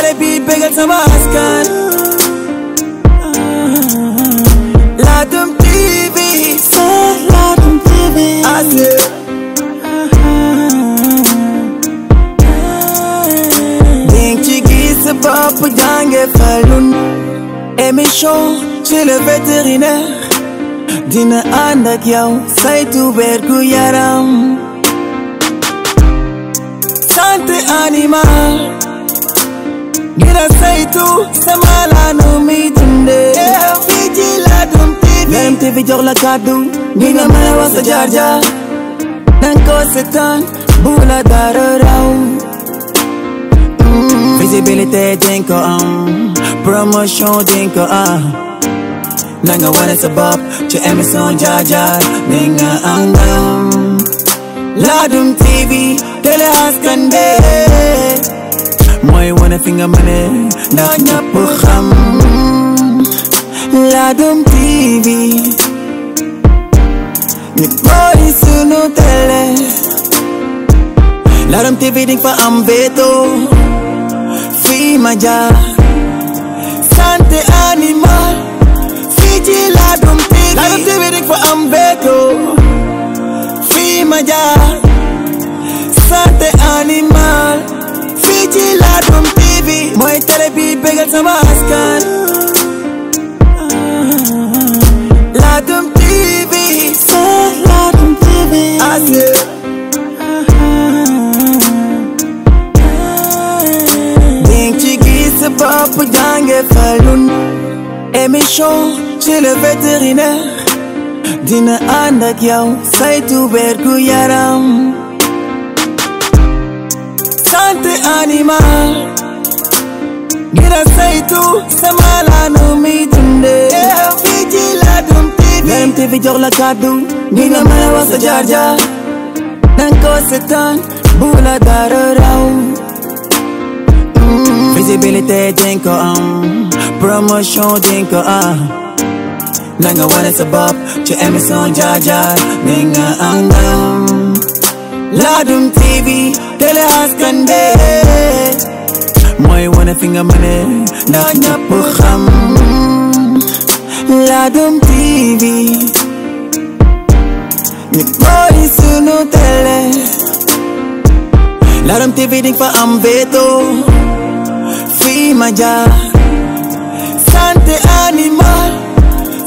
télé bi bégal sama askan Ladoum TV c'est Ladoum TV ning ci gis sa bopp jànge falun émission ci le vétérinaire dina ànd ak yow yaram santé animal ngir a sama laanu mi dundee. fii ci Ladoum TV. Ladoum TV jox la kàddu. nga mën a wax sa jaar jaar. danga ko seetaan bu dara raw. Mm. visibilité dinga am promotion dinga am. nanga wane sa bopp ci émission jaar jaar nga am ndam. Ladoum TV télé askan bi. mooy wane fi nga mëne ndax ñëpp xam Ladoum TV ñu mooy sunu télé Ladoum TV di fa am béto fii ma jaar santé animal fii ci Ladoum TV TV di fa am béto fii ma jaar santé animal ak sama askan Ladoum TV c'est Ladoum TV di nga ci gis sa bopp jànge falun émission chez le vétérinaire dina ànd ak yow saytu wergu yaram santé animal ngir a sama laa nu muy dundee. fii ci Ladoum TV. Ladoum TV jox la kàddu. ñi nga mën a sa jaar jaar. danga ko seetaan mm-hmm. ci émission jaar jaar ni nga am ndam. Ladoum TV télé askan bi. mooy wane fi nga mëne ndax ñëpp xam Ladoum TV ñu koy sunu télé Ladoum TV di fa am veto fii ma jaar santé animal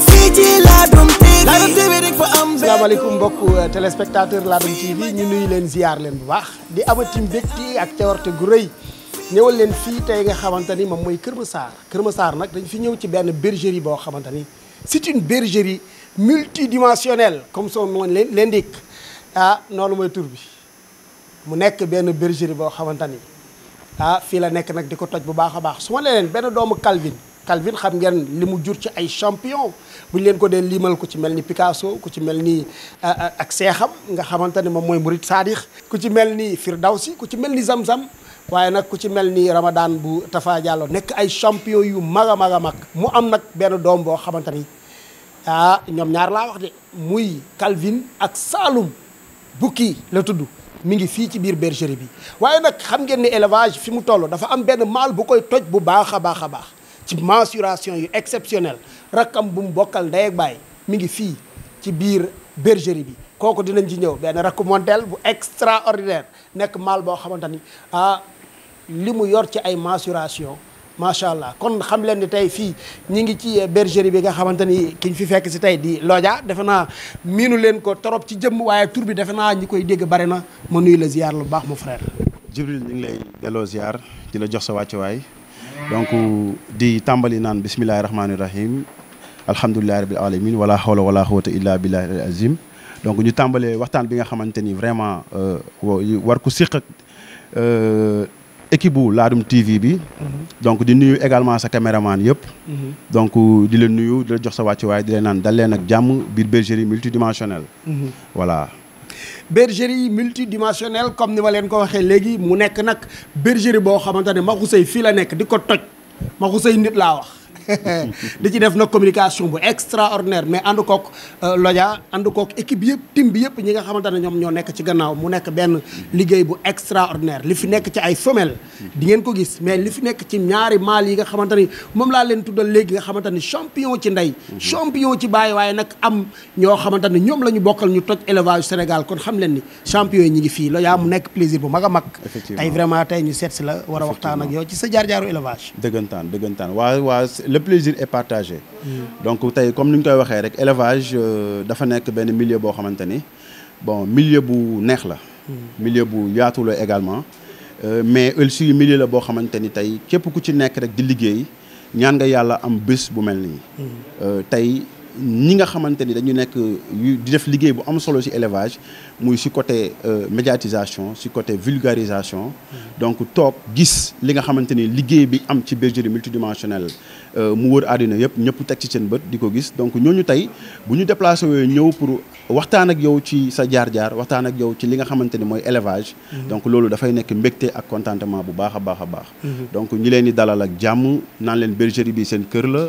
fii ci Ladoum TV Ladoum TV di fa am veto asalaamaaleykum mbokku euh, téléspectateur Ladoum TV ñu nuyu leen ziar leen bu baax di amati mbégte ak cawarte gu rëy ñëwal leen fii tey nga xamante ni moom mooy Kër Massar Kër saar nag dañ fi ñëw ci benn bergerie boo xamante ni c'est une bergerie multidimensionnelle comme son nom l'indique ah noonu mooy tur bi mu nekk benn bergerie boo xamante ni ah fii la nekk nag di ko toj bu baax a baax su ma leen benn doomu Calvin Calvin xam ngeen li mu jur ci ay champion bu ñu leen ko dee limal ku ci mel ni Picasso ku ci mel ni ah, ah, ak seexam nga xamante ni moom mooy Murid Sadix ku ci mel ni Firdawsi ku ci mel ni Zamzam waaye nag ku ci mel ni Ramadan bu Tafa Diallo nekk ay champion yu mag a mag a mag mu am nag benn doom boo xamante ni ah ñoom ñaar laa wax de muy Calvin ak Saloum bukki la tudd mu ngi fii ci biir bergerie bi waaye nag xam ngeen ni élevage fi mu toll dafa am benn maal bu koy toj bu baax a baax a baax ci mensuration yu exceptionnel rakkam bu mu bokkal ndey ak baay mi ngi fii ci biir bergerie bi kooku dinañ ci ñëw benn rakku montel bu extraordinaire nekk maal boo xamante ni ah li mu yor ci ay mensuration macha allah kon xam leen ni tey fii ñu ngi ci eh, bergerie bi nga xamante ni kiñ fi fekk si tey di looja defe naa miinu leen ko trop ci jëmm waaye tur bi defe naa ñi koy dégg bari na ma nuyu la ziar lu baax mu frère. Jibril ñu ngi lay delloo ziar di la jox sa wàccuwaay donc di tàmbali naan bismillahi rahmaani rahim alhamdulillahi rabbil alamin wala hawla wala quwwata illa billahi al donc ñu tàmbalee waxtaan bi nga xamante ni vraiment euh, war ko siq ak euh, équipe bu Ladoum TV bi. Mm-hmm. donc di nuyu également sa caméraman yëpp. Mm-hmm. donc di leen nuyu di la jox sa wàccuwaay di leen naan dal leen ak jàmm biir bergerie multidimensionnelle. Mm-hmm. voilà. bergerie multidimensionnelle comme ni ma leen ko waxee léegi mu nekk nag bergerie boo xamante ne Makhoussay fii la nekk di ko toj Makhoussay nit laa wax. di ci def nag communication bu extraordinaire mais ànd kook euh, Lodia ànd kook équipe yëpp team bi yëpp ñi nga xamante ne ñoom ñoo nekk ci gannaaw mu nekk benn liggéey bu extraordinaire li fi nekk ci ay femelles di ngeen ko gis mais li fi nekk ci ñaari mâles yi nga xamante ni moom laa leen tuddal léegi nga xamante ni champion ci ndey champion ci bàyyi waaye nag am ñoo xamante ni ñoom la ñu bokkal ñu toj élevage Sénégal kon xam leen ni champion yi ñu ngi fii Lodia mu nekk plaisir bu mag a mag tey vraiment tey ñu seet si la war waxtaan ak yow ci sa jaar jaaru dëggantaan dëggantaan le plaisir et partagé. Mm. donc tey comme ni ñu koy waxee rek élevage euh, dafa nekk benn millier boo xamante ni bon millier bu neex la. Mm. millier bu yaatu la également. Euh, mais aussi milieu la boo xamante ni tey képp ku ci nekk rek di liggéey ñaan nga yàlla am bés bu mel nii. Mm. Euh, tey ñi nga xamante ni dañu nekk di def liggéey bu am solo ci élevage muy ci côté euh, médiatisation ci côté vulgarisation donc toog gis li nga xamante ni liggéey bi am ci bergerie multidimensionnelle euh, mu wër àddina yëpp ñëpp teg ci seen bët di ko gis donc ñooñu tey bu ñu déplacé woo ñëw pour waxtaan ak yow ci sa jaar-jaar waxtaan ak yow ci li nga xamante ni mooy élevage mhm. donc loolu dafay nekk mbégte ak contentement bu baax a baax a baax mhm. donc ñi leen di dalal ak jàmm naan leen bi seen kër la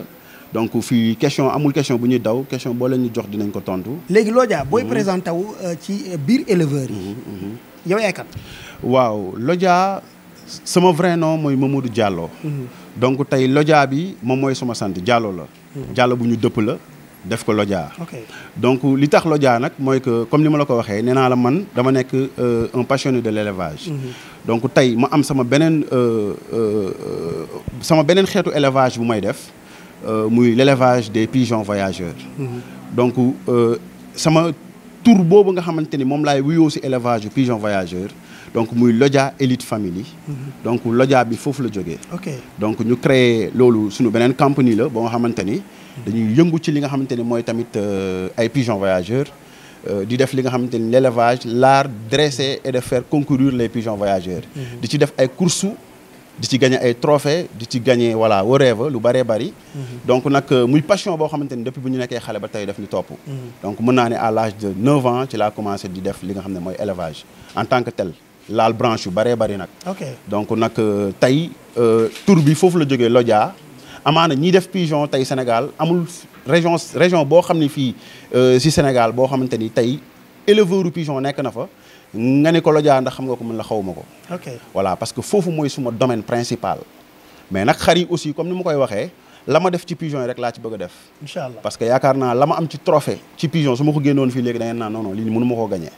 donc fii question amul question bu ñuy daw question boo leen ñu jox dinañ ko tontu. léegi Lodja booy mhm. présenté wu euh, ci biir éleveurs yi. Mhm, mhm. yow yaay kat waaw Lodja sama vrai nom mooy Mamadou jàlloo donc tey Lodja bi moom mooy sama sant Diallo la. Diallo bu ñu dëpp la def ko Lodja. donc li tax Lodja nag mooy que comme ni ma la ko waxee nee naa la man dama nekk euh, un passionné de l'élevage. donc tey ma am sama beneen euh, sama beneen xeetu élevage bu may def. Euh, muy l'élevage des pigeons voyageurs. Mhm. donc euh, sama tur boobu nga xamante ni moom laay wuyoo si élevage yu pigeons voyageurs donc muy Lodja Elite Family. Mhm. donc loja bi foofu la jógee. ok donc ñu créé loolu suñu beneen compagnie la boo nga xamante ni. dañuy yëngu ci li nga xamante ni mooy tamit euh, ay pigeons voyageurs. di def li nga xamante ni l'élevage l'art dresser et de faire concourir les pigeons voyageurs. Mhm. di ci def ay courses di ci gagné ay trophée di ci gagné voilà whatever lu bëree bëri. Mhm. donc nag euh, muy passion boo xam xamante ni depuis bu ñu nekkee xale ba tey daf ñu topp. Mhm. donc mën naa ne à l'âge de 9 ans ci laa commencé di def li nga xam ne mooy élevage en tant que tel laal branche yu bëree bëri nag. ok donc nag euh, tey euh, tur bi foofu la jógee Lodja amaana ñiy def pigeon tey Sénégal amul région boo xam ne fii si Sénégal boo xamante ni tey éleveur pigeon nekk na fa. nga ni ko lojaa ndax xam nga ko mën la xawuma ko. ok parce que foofu mooy suma domaine principal. mais nag xar yi aussi comme ni ma koy waxee la ma def ci pigeon yi rek laa ci bëgg a def. incha allah parce que yaakaar naa la ma am ci trophée ci pigeon su ko génnoon fii léegi da ngeen naan non lii mënu ma koo gagné.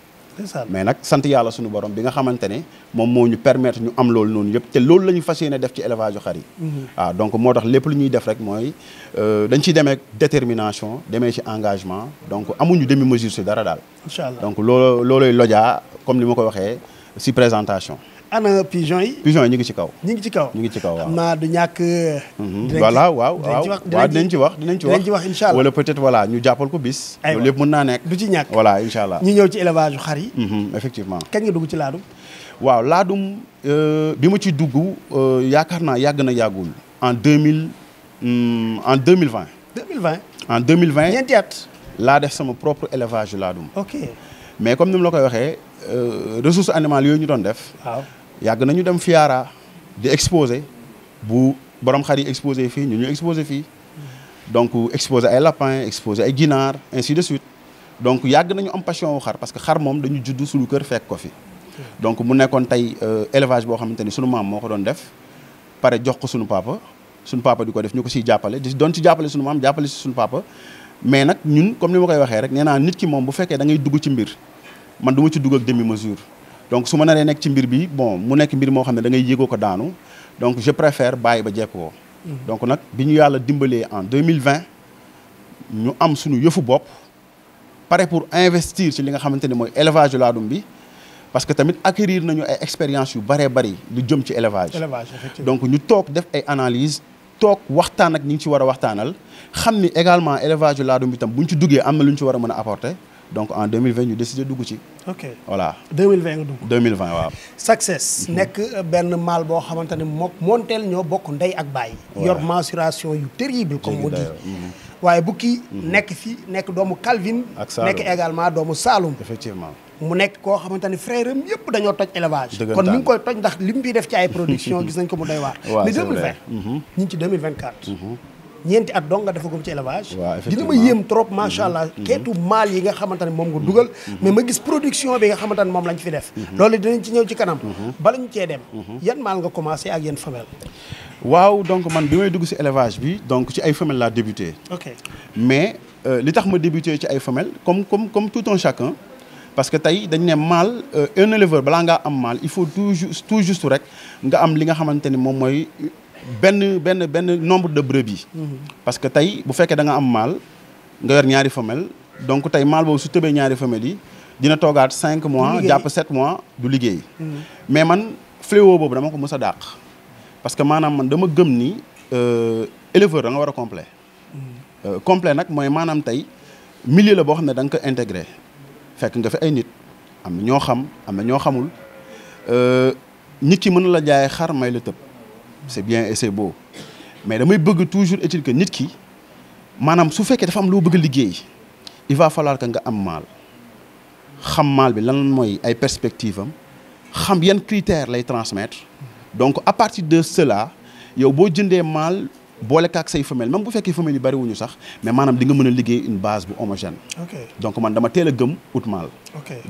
mais nag sant yàlla suñu borom bi nga xamante ne moom moo ñu permettre ñu am loolu noonu yëpp te loolu lañuy ñu fas yéene def ci élevage yu xar yi waaw mhm. ah, donc moo tax lépp lu ñuy def rek mooy euh, dañ ciy demee détermination demee ci engagement donc amuñu demi mesure si dara daal incha allah donc loolu looloy lojaa comme ni ma koy waxee si présentation ana pigeon yi. pigeon yi ñu ngi ci kaw. ñu ngi ci kaw ñu ngi ci kaw naa du ñàkk. Mhm. voilà waaw waaw waaw dinañ ci wax dinañ ci wax ci wax incha allah. wala peut-être voilà ñu jàppal ko bis. aywa loolu lépp mën naa nekk. du ci ñàkk voilà incha allah. ñu ñëw ci élevage yu xar yi. Mhm, effectivement kañ nga dugg ci laadum. waaw laadum euh, bi ma ci dugg euh, yaakaar naa yàgg na yàggul en deux mille hmm, en deux mille vingt. deux en deux mille vingt ñeenti laa def sama propre élevage laadum. ok mais comme ni mu la koy waxee euh, ressources animales yooyu ñu doon def. waaw. yàgg nañu dem Fiara di exposé bu borom xar yi exposé fii ñu ñu exposé fii donc exposé ay lapin exposé ay ginaar ainsi de suite donc yàgg nañu am passion wu xar parce que xar moom dañu judd suñu kër fekk ko fi donc mu nekkoon tey euh, élevage boo xamante ni suñu maam moo ko doon def pare jox ko suñu papa sunu papa di ko def ñu ko siy jàppale di doon si jàppale suñu maam jàppale si suñu papa mais nag ñun comme ni ma koy waxee rek nee nit ki moom bu fekkee da dugg ci mbir man du ci dugg ak demi mesure donc su ma naree nekk ci mbir bi bon mu nekk mbir moo xam ne dangay ngay ko daanu donc je préfère bàyyi ba jekk ko mm-hmm. donc nag bi ñu yàlla dimbalee en 2020 ñu am suñu yëfu bopp pare pour investir ci li nga xamante ne mooy élevage du laadum bi parce que tamit acquérir nañu ay expérience yu bëree bëri lu jëm ci élevage donc ñu toog def ay analyse toog waxtaan ak ñu ngi ci war waxtaanal xam ni également élevage du laadum bi tam bu ñu ci duggee am na lu ñu ci war a mën a apporter donc en 2020 ñu décidé dugg ci. ok voilà 2020 nga dugg. 2020 waaw. success mhm. nekk euh, benn mal boo xamante ne mook monteel ñoo bokk ndey ak bàyyi. yor massuration yu terrible. comme on dit mhm. waaye bukki mhm. nekk fi nekk doomu Calvin. ak Saloum nekk également doomu Saloum. effectivement mu nekk koo xamante ne frère am dañoo toj élevage. kon mi ngi koy toj ndax lim bi def ci ay production gis nañ ko mu doy waar. waaw mais 2020. ñu ngi ci 2024. ñeenti at donc nga defagum ci élevage. dina ma yéem trop macha allah. xeetu mm-hmm. mm-hmm. maal yi nga xamante ne moom nga dugal. Mm-hmm. mais ma gis production bi nga xamante ne moom lañ fi def. loolu dinañ ci ñëw ci kanam. bala ñu cee dem. yan maal nga commencé ak yan femelle. waaw donc man bi may dugg si élevage bi donc ci ay femelles laa débuté. mais euh, li tax ma débuté ci ay femelles comme comme comme tout un chacun. parce que tey dañ ne mâle euh, un éleveur balaa ngaa am maal il faut toujours tout juste rek nga am li nga xamante ni moom mooy benn benn benn nombre de bi parce que tey bu fekkee danga am maal nga yor ñaari femelle donc tey maal boobu su tëbee ñaari femelle yi dina toogaat cinq mois jàpp sept mois du liggéey. Mm. mais man fléau boobu dama ko mës a dàq. parce que maanaam man dama gëm ni euh, éleveur da nga war a complet mm. euh, complet nag mooy maanaam tey milieu la boo xam ne danga ko intégré fekk nga fi ay nit am na ñoo xam am na ñoo xamul euh, nit ki mën la jaaye xar may la tëb. c'est bien et c'est beau mais damay bëgg toujours est-il que nit ki maanaam su fekkee dafa am loo bëgg liggéey il va falloir que nga am maal xam maal bi lan mooy ay perspectives am xam yan critères lay transmettre donc à partir de cela yow boo jëndee maal. boole kaak say femelle même bu fekkee femelle yi bari wuñu sax mais maanaam di nga mën a liggéey une base bu homogène donc man dama teel a gëm ut maal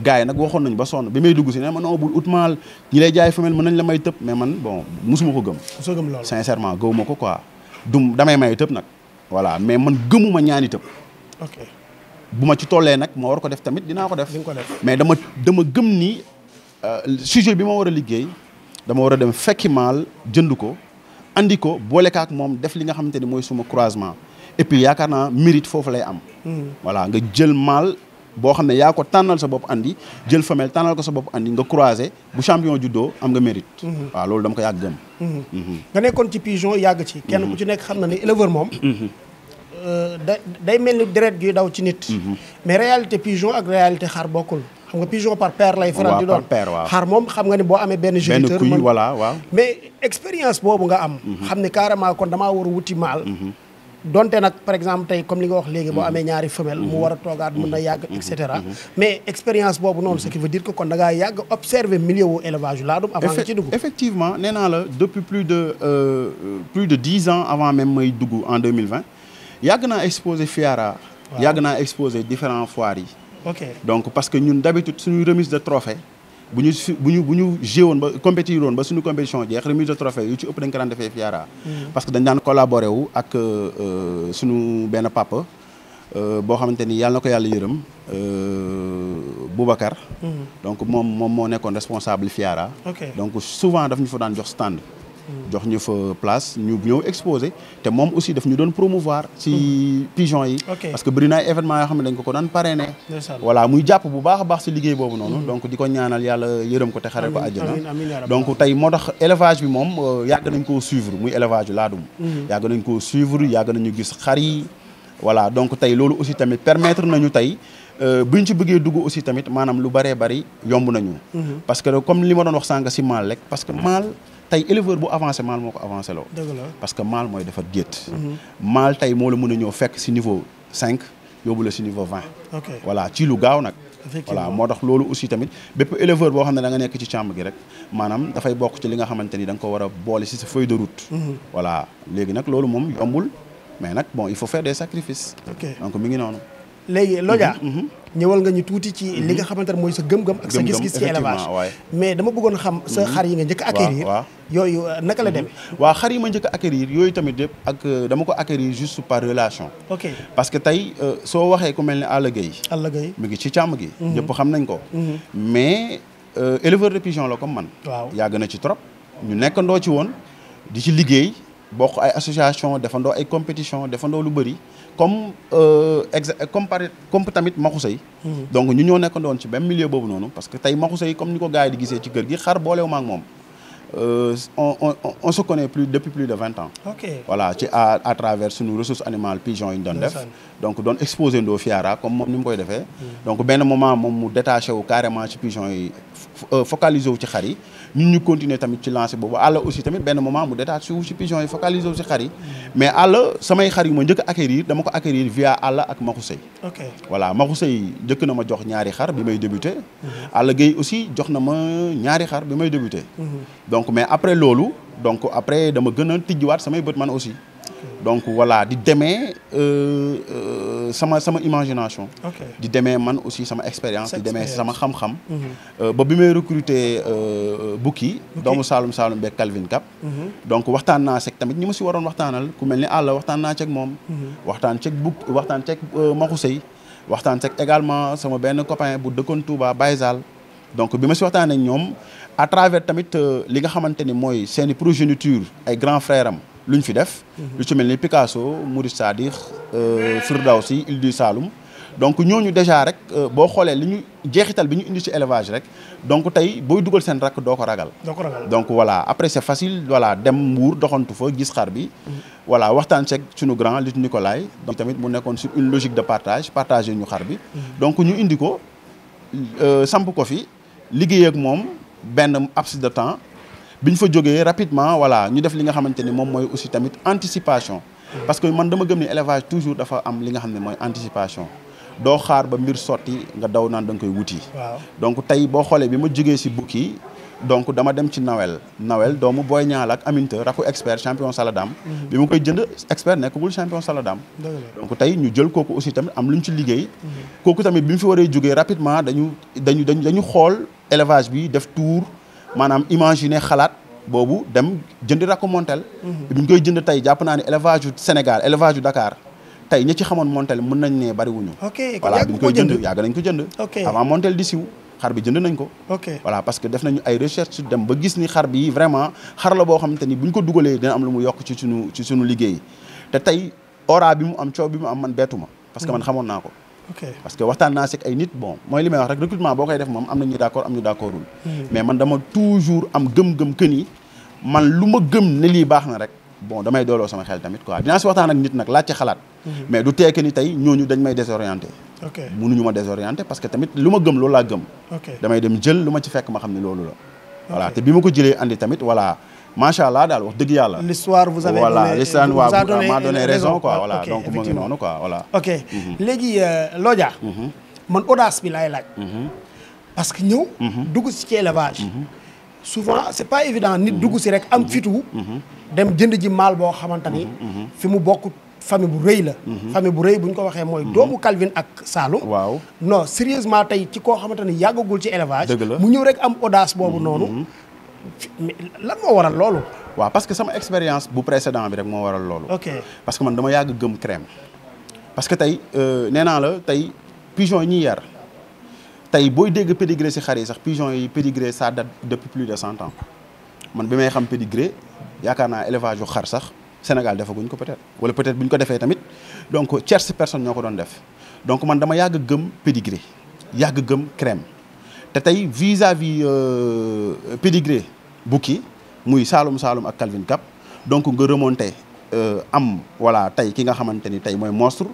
gars yi nag waxoon nañ ba sonn bi may dugg si ne ma non bul ut maal ñi lay jaay femelle mën nañ la may tëb mais man bon musuma ko gëm sincèrement ko quoi dum damay may nag voilà mais man gëmuma ñaani tëb bu ma ci tollee nag ma war ko def tamit dinaa ko def mais dama dama gëm ni euh, sujet bi ma war a liggéey dama war a dem fekki maal jënd ko indi ko boolekaak moom def li nga xamante ni mooy suma croisement et puis yaakaar naa mérite foofu lay am. Hmm. voilà nga jël maal boo xam ne yaa ko tànnal sa bopp indi jël femelle tànnal ko sa bopp andi nga croisé bu champion juddoo am nga mérite. Hmm. waaw loolu dama ko yàgg gëm. Hmm. nga nekkoon ci pigeon yàgg ci. kenn ku ci nekk xam na ne éleveur moom. Euh, day mel ni deret gi daw ci nit. mais réalité pigeon ak réalité xar bokkul. xam nga pigeon par paire lay faral di doon xar moom xam nga ni boo amee benn géniteur benn kuy voilà mais expérience boobu nga am mhm. xam ne carrément kon dama war a wuti maal mhm. donte nag par exemple tey comme li nga wax léegi boo mhm. amee ñaari femelle mu war a toogaat mën na yàgg et cetera mais expérience boobu noonu ce qui veut dire que kon da ngaa yàgg observer milieu wu élevage yu laa dum avant nga ci dugg effectivement nee la depuis plus de euh, plus de dix ans avant mais may dugg en 2020 yàgg naa exposé Fiara yàgg naa exposé différents foires yi ok donc parce que ñun d'habitude suñu remise de trophée bu ñu su bu ñu bu woon ba compétir woon ba suñu compétition jeex remise de trophée yu ci ëpp dañ ko daan defee Fiara mm. parce que dañ daan collaboré ak euh, euh, suñu benn papa euh, boo xamante ni yàlla na ko yàlla yërëm Boubacar mm. donc moom moom moo nekkoon responsable Fiara donc souvent daf ñu fa daan jox stand jox ñu fa place ñu ñëw exposé te moom aussi daf ñu doon promouvoir ci pigeon yi parce que bëri na ay événement yoo xam ne dañ ko ko daan parrainé voilà muy jàpp bu baax a baax si liggéey boobu noonu mm-hmm. donc di ko ñaanal yàlla yërëm ko te xare ko àjjana donc tey moo tax élevage bi moom euh, yàgg nañ koo suivre muy élevage laadum mm-hmm. yàgg nañ koo suivre yàgg nañu gis xar yi donc tey loolu aussi tamit permetre nañu tey euh, buñ ci bëggee dugg aussi tamit maanaam lu bëree bëri yomb nañu mm-hmm. parce tey éleveur bu avancé maal moo ko avancé loo parce que maal mooy defar gétt mhm. maal tey moo la mën a ñëw fekk si niveau cinq yóbbu la si niveau vingt voilà ci lu gaaw nag voilà moo tax loolu aussi tamit bépp éleveur boo xam ne danga nga nekk ci càmm gi rek maanaam dafay bokk ci li nga xamante ni da nga ko war a boole si sa feuille de route mhm. voilà léegi nag loolu moom yombul mais nag bon il faut faire des sacrifices donc mi ngi noonu léegi Lodja mhm, ñëwal nga ñu tuuti ci mhm. li nga xamante ne mooy sa gëm-gëm ak sa gis-gis ci élevage mais dama bëggoon xam sa mhm. xar yi nga njëkk a acquérir yooyu euh, naka la mhm. demee waaw xar yi ma njëkk a yooyu tamit yëpp ak euh, dama ko acquérir juste par relation ok parce que tey euh, soo waxee ku mel ne Alla Gueye Alla mu ngi ci càmm gi ñëpp xam nañ ko mais éleveur de pigeon la comme man waaw yàgg na ci trop ñu nekkandoo ci woon di ci liggéey bokk ay association defandoo ay compétition defandoo lu bëri comme exe comme par comme tamit maxusay mhm. donc ñu ñoo nekkandoon ci même milieu boobu noonu parce que tey maxusay comme ni ko gars yi di gisee ci kër gi xar boolewu ma moom euh, on on on plus depuis plus de vingt ans. ok a ci à à travers suñu ressource animale pigeon yi ñu doon def. donc doon exposé ndoo Fiara comme moom ni mu koy defee. Mhm. donc benn moment moom mu détaché carrément ci pigeon yi euh, focalisé wu ci xar yi. ñun ñu continuer tamit ci lancé boobu àlla aussi tamit benn moment mu détaché wu si pigeon yi focalisé wu si xar yi mais àlla samay xar yu ma njëkk acquérir dama ko acquérir via àlla ak Maxusey ok voilà njëkk na ma jox ñaari xar bi may débuté mhm. àlla Gueye aussi jox na ma ñaari xar bi may débuté mhm. donc mais après loolu donc après dama gën a tijjiwaat samay bët man aussi donc voilà di demee euh, euh, sama sama imagination. di demee man aussi sama expérience. di demee sama xam-xam. Mhm. Euh, ba bi may recruter Bouki. doomu Saalum Saalum beeg Calvin Cap. Mhm. donc waxtaan naa seeg tamit ñi ma si waroon waxtaanal ku mel ni àlla waxtaan naa ceeg moom. Mhm. waxtaan ceeg Bouki waxtaan ceeg Maxu waxtaan ceeg également sama benn copain bu dëkkoon Touba Baye Zal donc bi ma si waxtaanee ñoom à travers tamit li nga xamante ni mooy seeni progéniture ay grands frères am. ñu fi def. Mhm. lu ci mel ni Picasso Mourid Sadikh euh, Firdawsi Île du Saloum. donc ñooñu déjà rek euh, boo xoolee li ñu jeexital bi ñu indi ci élevage rek donc tey booy dugal seen rakk doo ko ragal. doo ko ragal donc voilà après c'est facile voilà dem Mbour doxantu fa gis xar bi. Mhm. voilà waxtaan ceeg suñu grand Luc Nicolaï. donc tamit mu nekkoon sur une logique de partage partager ñu xar bi. Mhm. donc ñu indi ko euh, samp ko fi liggéey moom benn abs de temps. bi ñu fa jógee rapidement voilà ñu def li nga xamante ni moom mooy aussi tamit anticipation. parce que man dama gëm ni élevage toujours dafa am li nga xam ne mooy anticipation. doo xaar ba mbir sotti nga daw naan da koy wuti. donc tey boo xoolee bi ma jógee si bukki donc dama dem ci nawel nawel doomu Boy Niang ak Aminta rakku expert champion Saladam. Mhm. bi ma koy jënd expert nekkagul champion Saladam. donc tey ñu jël kooku aussi tamit am lu ñu ci liggéey. Mhm. kooku tamit bi mu fi waree jógee rapidement dañu dañu dañu dañu xool élevage bi def tour. maanaam imaginer xalaat boobu dem jënd rako montel mhm. bi ñu koy jënd tey jàpp naa ne élevage yu Sénégal élevage yu Dakar tey ñi ci xamoon montel mën nañ ne bariwuñu voilà bi ñu koy jënd yàgg nañ ko jënd avant montel di siw xar bi jënd nañ ko voilà parce que def nañu ay recherche dem ba gis ni xar bi vraiment xar la boo xamante ni bu ñu ko dugalee dina am lu mu yokk ci suñu ci suñu liggéey te tey ora bi mu am coow bi mu am man beetuma parce que mhm. man xamoon naa ko parce que waxtaan naa si ay nit bon mooy li may wax rek recrutement boo koy def moom am na ñu d'accord am ñu d'accordul hmm. mais man dama toujours am gëm-gëm que man lu ma gëm ne lii baax na rek bon damay dooloo sama xel tamit quoi dinaa si waxtaan ak nit nag laaj ci xalaat hmm. mais du teeke ni tey ñooñu dañ may désorienté ok mënuñu ma désorienté parce que tamit lu ma gëm loolu laa gëm damay dem jël lu ma ci fekk ma xam ne loolu la voilà te bi ma ko macha allah daal wax dëgg yàlla. l'histoire vous avez voilà l'histoire m'a donné raison quoi voilà donc mu ngi noonu quoi voilà. ok mhm. léegi euh, Lodja. Mhm. man audace bi laay laaj. Mhm. parce que ñëw. dugg si ci élevage. souvent c'est pas évident nit dugg si rek am fitu. dem jënd ji maal boo xamante ni. fi mu bokk famille bu rëy la. famille bu rëy bu ñu ko waxee mooy doomu Calvin ak Saloum. waaw non sérieusement tey ci koo xamante ni yàggagul ci élevage. mu ñëw rek am audace boobu noonu. lan moo waral loolu. waaw parce que sama expérience bu précédent bi rek moo waral loolu. ok parce que man dama yàgg gëm crème. parce que tey euh, nee naa la tey pigeon yi ñuy yar tey booy dégg pédigré si xar yi sax pigeon yi pédigré ça date depuis plus de cent ans man bi may xam pédigré yaakaar naa élevage yu xar sax Sénégal defaguñ ko peut-être wala peut-être bu ñu ko defee tamit donc tierce personne ñoo ko doon def donc man dama yàgg gëm pédigré yàgg gëm crème. te tey vis-à-vis euh, pédigré bu kii muy Saalum Saalum ak Calvin Cap donc nga remonté euh, am voilà tey ki nga xamante ni tey mooy monstre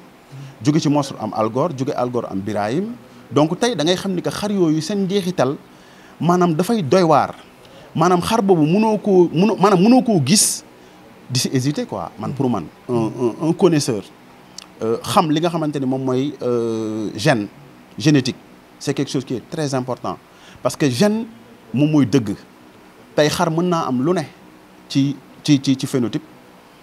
jóge ci monstre am Algor juge Algor am Birahim donc tey da ngay xam ni que xar yooyu seen njeexital maanaam dafay doywaar waar maanaam xar boobu mënoo koo mënoo maanaam mënoo koo gis di si hésiter quoi man pour man un un un connaisseur euh, xam li nga xamante ni moom mooy gène génétique. c'est quelque chose qui est très important parce que gène moom muy dëgg tey xar mën naa am lu ne ci ci ci ci phénotype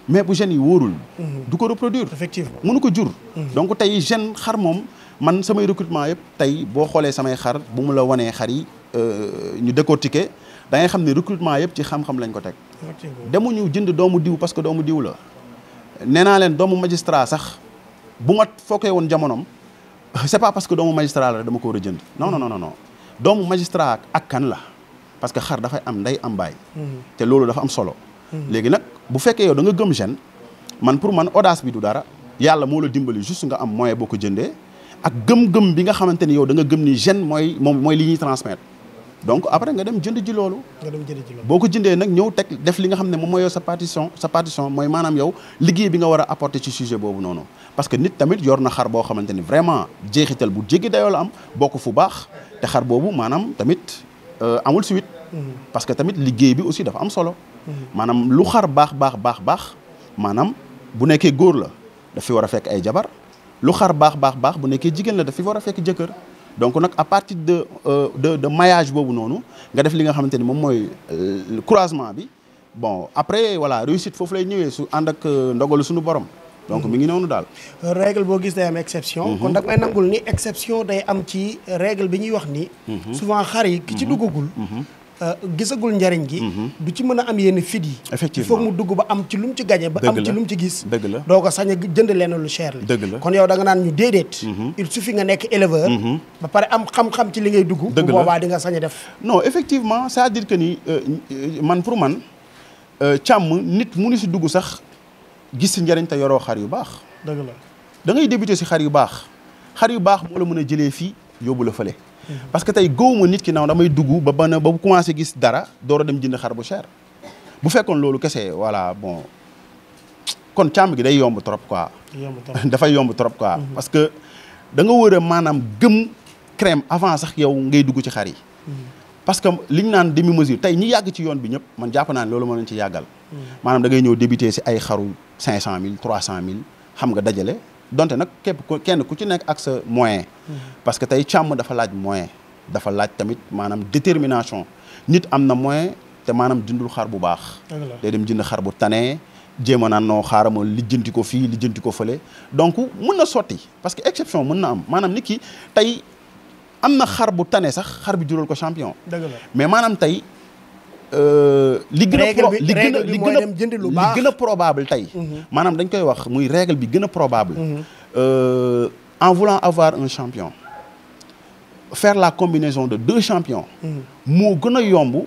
mais bu gène yi wóorul. Mhm. du ko reproduire. effectivement mënu ko jur. Mhm. donc tey jeune xar moom man samay recrutement yëpp tey boo xoolee samay xar bu mu la wanee xar yi euh, ñu décortiquer da ngay xam ne recrutement yëpp ci xam-xam lañ ko teg. demuñu jënd doomu diw parce que doomu diw la nee naa leen doomu magistrat sax bu ma fokkee woon jamonoom. c'est pas parce que doomu magistrat la rek dama ko war a jënd non non non non doomu magistrat ak kan la parce que xar dafay am nday am baay. Mhm. te loolu dafa am solo. Mhm. léegi nag bu fekkee yow da nga gëm gene man pour man audace bi du dara yàlla moo la dimbali juste nga am moyen boo ko jëndee ak gëm-gëm bi nga xamante ni yow da nga gëm ni gene mooy moom li ñuy transmettre. donc après nga dem jënd ji loolu. dem jënd ji boo ko jëndee nag ñëw teg def li nga xam ne moom mooy yow sa partition sa partition mooy maanaam yow liggéey bi nga war a apporter ci sujet boobu noonu. parce que nit tamit yor na xar boo xamante ni vraiment jeexital bu jege dayoo am bokk fu baax te xar boobu maanaam tamit euh, amul suite. Mm-hmm. parce que tamit liggéey bi aussi dafa am solo. Mm-hmm. maanaam lu xar baax baax baax baax maanaam bu nekkee góor la daf fi war a fekk ay jabar lu xar baax baax baax bu nekkee jigéen la daf war a fekk jëkkër. donc nag à partir de euh, de de maillage boobu noonu nga def li nga xamante ni moom mooy euh, croisement bi bon après voilà réussite foofu lay ñëwee su ànd ak euh, ndogalu suñu borom. donc mi ngi mhm. noonu daal. régle boo gis day am exception. Mhm. kon da may nangul ni exception day am ci régle bi ñuy wax ni. Mhm. souvent xar yi ki ci duggagul. Euh, gisagul njariñ gi mhm. du ci mën a am yenn fit yi effectivement foog mu dugg ba am ci lu mu ci gañe ba am ci lu mu ci gis dëgg la doo ko sañ a jënd leen lu cher li dëgg la kon yow da nga naan ñu déedéet mhm. il suffit nga nekk éleveur mhm. ba pare am xam-xam ci li ngay dugg bu boobaa di nga sañ a def no effectivement c'est-à-dire que ni euh, euh, man pour man càmm nit mu ni si dugg sax gis si njariñ te yoroo xar yu baax dëgg la débuté si xar yu baax xar yu baax moo la mën a jëlee fii yóbbu la fële parce que tey gëwuma nit ki naw damay dugg ba bana ba commencé gis dara door a dem jënd xar bu cher bu fekkoon loolu kese voilà bon kon càmm gi day yomb trop quoi. dafay yomb trop quoi. Mm-hmm. parce que danga nga war maanaam gëm crème avant sax yow ngay dugg ci xar yi. Mm-hmm. parce que li ñu naan demi mesure tey ñi yàgg ci yoon bi ñëpp man jàpp naan ne loolu mën nañu ci yàggal. Mm-hmm. maanaam da ñëw débuté si ay xaru cinq cent mille trois cent mille xam nga dajale. donte nag képp ku kenn ku ci nekk ak sa mm-hmm. parce que tey càmm dafa laaj moyen. dafa laaj tamit maanaam détermination nit am na moyen te maanaam jëndul xar bu baax. day dem jënd xar bu tane jéem a naan noo xaaral ma lijjanti ko fii lijjanti ko fële. donc mun na sotti parce que exception mun na am maanaam nit ki tey am na xar bu tane sax xar bu jural ko champion. mais maanaam tey Euh, li gën a pro li gën a li probable tey. Mhm. maanaam dañ koy wax muy régle bi gën a probable. Mhm. Euh, en voulant avoir un champion. faire la combinaison de deux champions. Mhm. moo gën a yomb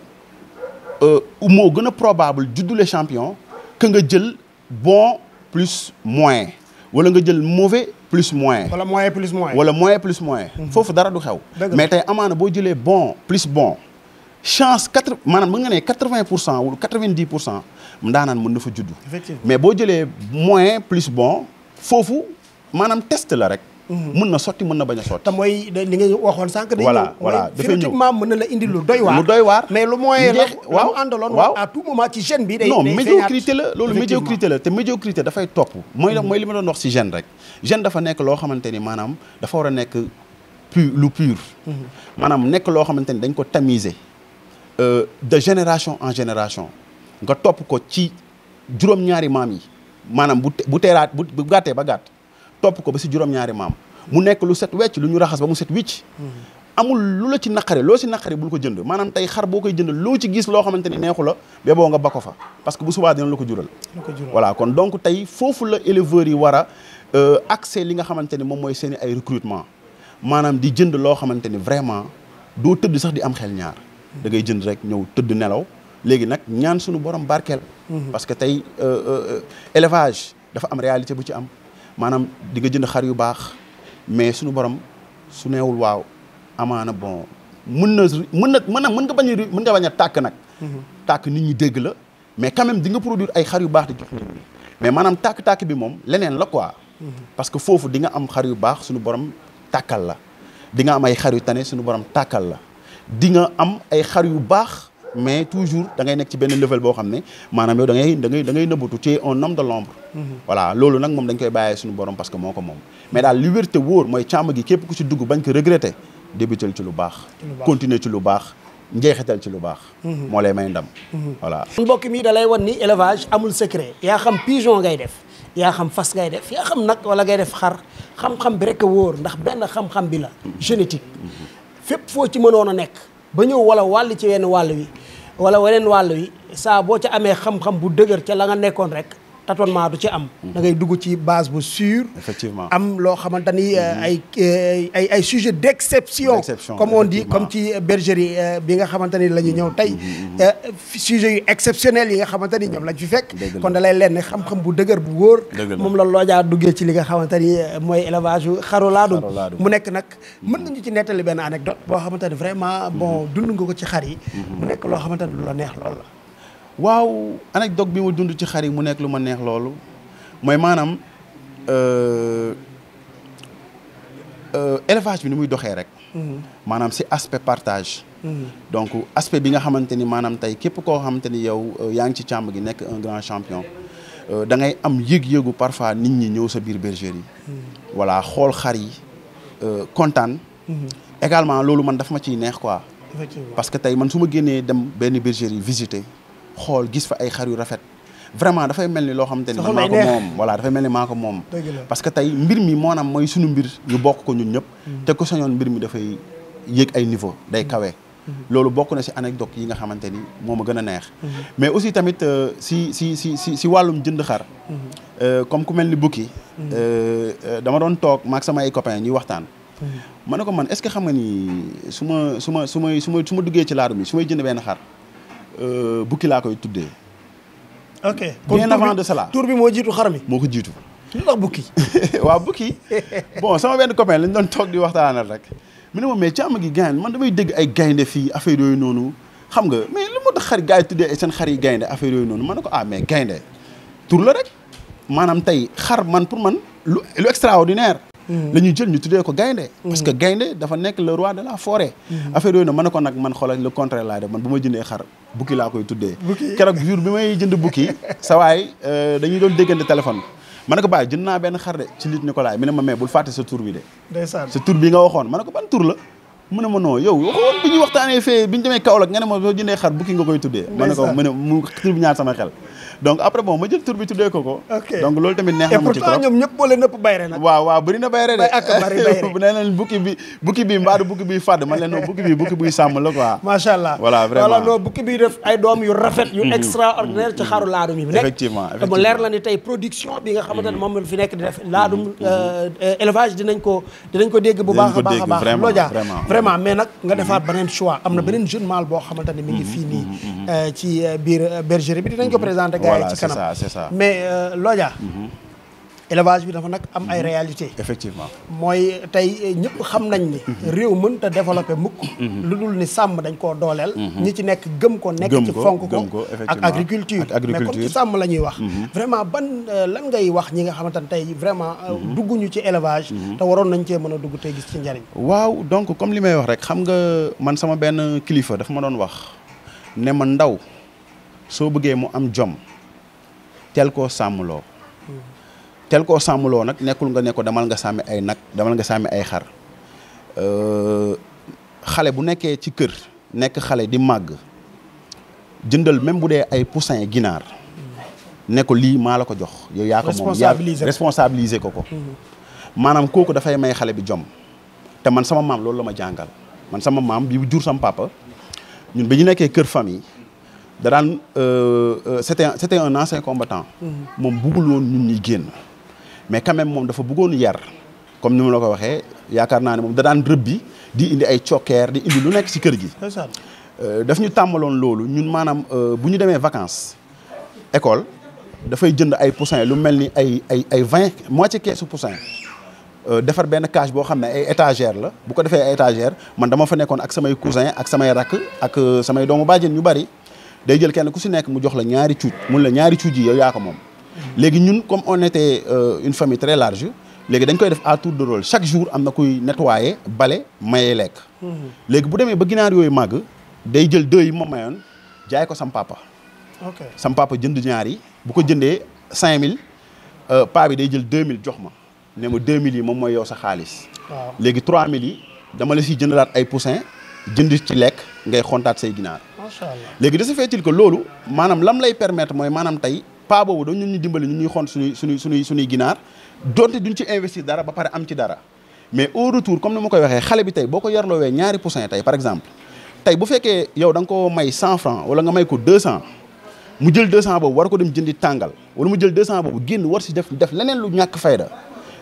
euh, moo gën a probable juddule champion que nga jël bon plus moins wala nga jël mauvais plus moins. wala moyen plus moins wala moyen plus moins. foofu dara du xew. mais tey amaana boo jëlee bon plus bon. chance quatre maanaam mën nga ne quatre vingt pour cent wala quatre vingt dix pour na fa judd. boo jëlee moyen plus bon foofu maanaam test la rek. Mhm. mën na sotti mën na a sotti. te mooy li nga waxoon sànq. dañuy voilà voilà dafay ñëw mën na la indi lu doy waar. lu doy waar mais lu moyen la waaw àndaloon waaw à tout moment ci gêne bi. day non médiocrité la loolu médiocrité la te médiocrité dafay topp. mooy mhm. li ma doon wax si gêne rek. gêne dafa nekk loo xamante ni maanaam dafa war a nekk lu pur. Mhm. maanaam nekk loo xamante ni dañ ko tamiser. Euh, de génération en génération nga topp ko ci juróom-ñaari maam yi maanaam bu bu teeraat bu gàttee ba gàtt topp ko ba si juróom-ñaari maam mu nekk lu set wecc lu ñu raxas ba mu set wicc mm-hmm. amul lu la ci naqare loo si naqare bul ko jënd maanaam tey xar boo koy jënd loo ci gis loo xamante ni neexu la ba boo nga ba ko fa parce que bu subaa dina la ko jural voilà kon donc tey foofu la éleveurs yi war a euh, accès li nga xamante ni moom mooy seen i ay recrutement maanaam di jënd loo xamante ni vraiment doo tëdd sax di am xel ñaar da ngay jënd rek ñëw tëdd nelaw léegi nag ñaan suñu borom barkeel mhm. parce que tey euh, euh, euh, élevage dafa am réalité bu ci am maanaam di nga jënd xar yu baax mais suñu borom su neewul waaw amaana bon mën na mën na mën na mën nga bañ a mën nga a tàkk nag mhm. tàkk nit ñi dégg la mais quand même di nga produire ay xar yu baax di jox mais maanaam tàkk-tàkk bi moom leneen la quoi mhm. parce que foofu di nga am xar yu baax suñu borom tàkkal la di nga am ay xar yu tane suñu borom tàkkal la di nga am ay xar yu baax mais toujours da nekk ci benn level boo xam ne maanaam yow da ngay da ngay da ngay nëbbatu ci un homme de l'ombre mhm. voilà loolu nag moom dañ koy bàyyee suñu borom parce que moo ko moom mais daal liberté wóor mooy càmm gi képp ku ci dugg bañ ko regretter débutal ci lu baax continuer ci lu baax njeexital ci lu baax mhm. moo lay may ndam mhm. voilà mbokk mi da lay wan ni élevage amul secret yaa xam pigeon ngay def yaa xam fas ngay def yaa xam nag wala ngay def xar xam-xam rek a wóor ndax benn xam bi la génétique fépp foo ci mënoon a nekk ba ñëw wala wàll ci wenn wàll wi wala weneen wàll wi saa boo ca amee xam-xam bu dëgër ca la nga nekkoon rek tâtonnement du ci am. Mm-hmm. da ngay dugg ci base bu sûre. effectivement am loo xamante ni mm-hmm. ay ay ay sujet d' exception. comme on dit comme ci bergerie euh, bi nga xamante ni la ñu ñëw tey. Mm-hmm. Euh, sujet yu exceptionnel yi nga xamante ni ñoom lañ fi fekk. kon da lay leen ne xam-xam bu dëgër bu wóor. moom la loojaa duggee ci li nga xamante ni euh, mooy élevage xaru laadum. mu nekk nag mën nañu ci nettali benn anecdote boo xamante ni vraiment bon dund nga ko ci xar yi. mu nekk loo xamante ni lu la neex lool la. waaw anecdote bi mu dund ci xar yi mu nekk lu ma neex loolu mooy maanaam euh, euh, élevage bi ni muy doxee rek. Mhm. maanaam si aspect partage. Mhm. donc aspect bi nga xamante ni maanaam tey képp koo xamante ni yow euh, yaa ngi ci càmb gi nekk un grand champion. dangay am yëg yéegu parfois nit ñi ñëw sa biir bergerie yi. Mhm. voilà xool xar yi kontaan. également loolu man dafa ma ciy neex quoi. parce que tey man su ma génnee dem benn bergerie yi visiter. xool gis fa ay xar yu rafet vraiment dafay mel ni loo xamante ni man maa ko moom voilà dafay parce que tey mbir mi moo naam mooy suñu mbir ñu bokk ko ñun ñëpp mm. te ko sañoon mbir mi dafay yéeg ay niveau day kawe mm. mm-hmm. loolu bokk na si anecdote yi nga xamante ni moo ma gën a neex mm-hmm. mais aussi tamit euh, si si si si si wàllum jënd xar mm-hmm. euh, comme ku mel ni bukki euh, dama doon toog maag sama ay copains ñuy waxtaan ma ne ko man est-ce que xam nga ni su ma su ma su may su ma su ci laadum yi su may jënd Euh, bukki laa koy tuddee. ok kon bien avant de cela bi moo jiitu xar mi moo ko jiitu. lu tax bukki. waaw bukki bon sama benn copain lañ doon toog di waxtaanal rek mu ne ma mais càmm gi gaynde man damay dégg ay gaynde fii affaire yooyu noonu xam nga mais lu moo tax xar gars yi tuddee seen xar yi gaynde affaire yooyu noonu ma ne ko ah mais gaynde tur la rek maanaam tey xar man pour man lu lu extraordinaire. la ñu jël ñu tuddee ko gaynde parce que mm. gaynde dafa nekk le roi de la forêt mm. affaire yooyu na mën na ko nag man xoolal le contraire laa def man bu ma jëndee xar bukki laa koy tuddee keroog jënd bukki sa waay euh, dañuy doon déggante téléphone ma ne ko bàyyi jënd naa benn xar de ci lit Nicolas mi ne ma mais bul fàtte sa tur bi de sa tur bi nga waxoon ma ne ko ban tur la mu ne ma non yow waxoon bi ñuy waxtaanee fee bi ñu demee Kaolack nga ne soo jëndee xar bukki nga koy tuddee ma ne ko mu ne donc après boo ma jël tur bi tuddee ko ko. donc loolu tamit neex na ma ci trop boole nëpp bayre nag. waaw waaw bayre de. ak bari bukki bi bukki bi mbaadu bukki bi fàdd man leen non bukki bi bukki buy sàmm la quoi. macha allah voilà vraiment voilà def ay doom yu rafet. yu mhm. extraordinaire ci xaru laadum yi. effectivement effectivement te leer la ni tey production bi nga xamante ne mhm. moom la fi nekk di def laadum mhm. euh, euh, élevage dinañ ko dinañ ko dégg bu baax a baax a baax vraiment mais nag nga defaat beneen choix am na beneen jeune mâle boo xamante ne mi ngi fii nii euh, ci biir bergerie bi dinañ ko présenté ci kanam voilà c'est ça ça mais euh, loja mhm. élevage bi dafa nag am ay réalité effectivement mooy tey ñëpp xam nañ ni mhm. réew mën mënta développé mukk mhm. lu dul ni sàmm dañ koo dooleel ñi ci nekk gëm ko nekk ci fonk ko ak agriculture mais comme ci sàmm la ñuy wax vraiment ban euh, lan ngay wax ñi nga xamante ne tey vraiment euh, dugguñu ci élevage te waroon nañ cee mën a dugg te gis ci njariñ waaw donc comme li may wax rek xam nga man sama benn kilifa dafa ma doon wax ne ma ndaw soo buggee mu am jom teel koo sàmmloo teel koo sàmmloo nag nekkul nga ne ko damal nga sàmmi ay nag damal nga sàmmi ay xar xale bu nekkee ci kër nekk xale di màgg jëndal même bu dee ay poussin ginaar ne lii maa la ko jox yow yaa ko moom yaa responsabiliser ko ko maanaam kooku dafay may xale bi jom te man sama maam loolu la ma jàngal man sama maam bi jur sama papa ñun bi ñu nekkee kër famille da daan euh, euh, c'était c'était un ancien combattant. Mm-hmm. moom bëggul woon ñun ñuy génn. mais quand même moom dafa buggoon yar comme ni ma la ko waxee yaakaar naa ne moom da daan rëbbi di indi ay cokkeer di indi lu nekk ci kër gi. Euh, daf ñu tàmbaloon loolu ñun maanaam bu ñu demee vacance école dafay jënd ay poussin lu mel ni ay ay ay vingt moitié keesu poussin defar benn cage boo xam ne ay étagère la bu ko defee ay étagère man dama fa nekkoon ak samay cousin ak samay rakk ak samay doomu bàjjen ñu bari. day jël kenn ku si nekk mu jox la ñaari cuuj ñaari cuuj yi yow yaa ko moom léegi ñun comme on était euh, une famille très large léegi dañ koy def à tour de rôle chaque jour am na kuy nettoyer bale maye lekk mm-hmm. léegi bu demee ba ginaar yooyu màgg day jël deux yi ma mayoon jaay ko sam papa ok jënd ñaar yi bu ko jëndee cinq mille euh, paa bi day jël deux mille jox ma ne ma deux mille yi moom mooy yow sa xaalis léegi trois mille yi dama la siy jëndalaat ay poussin jënd ci lekk ngay xontaat say ginaar léegi de ce fait-il que loolu maanaam lam lay permettre mooy maanaam tey pas boobu dañu ñu dimbali ñu ñuy xont su suñuy suñuy suñuy ginaar donte duñ ci investir dara ba pare am ci dara mais au retour comme ni ma koy waxee xale bi tey boo ko yarloowee ñaari poussin tey par exemple tey bu fekkee yow da nga ko may 100 francs wala nga may ko 200 mu jël 200 boobu war ko dem jëndi tàngal wala mu jël 200 boobu génn war si def def leneen lu ñàkk fayda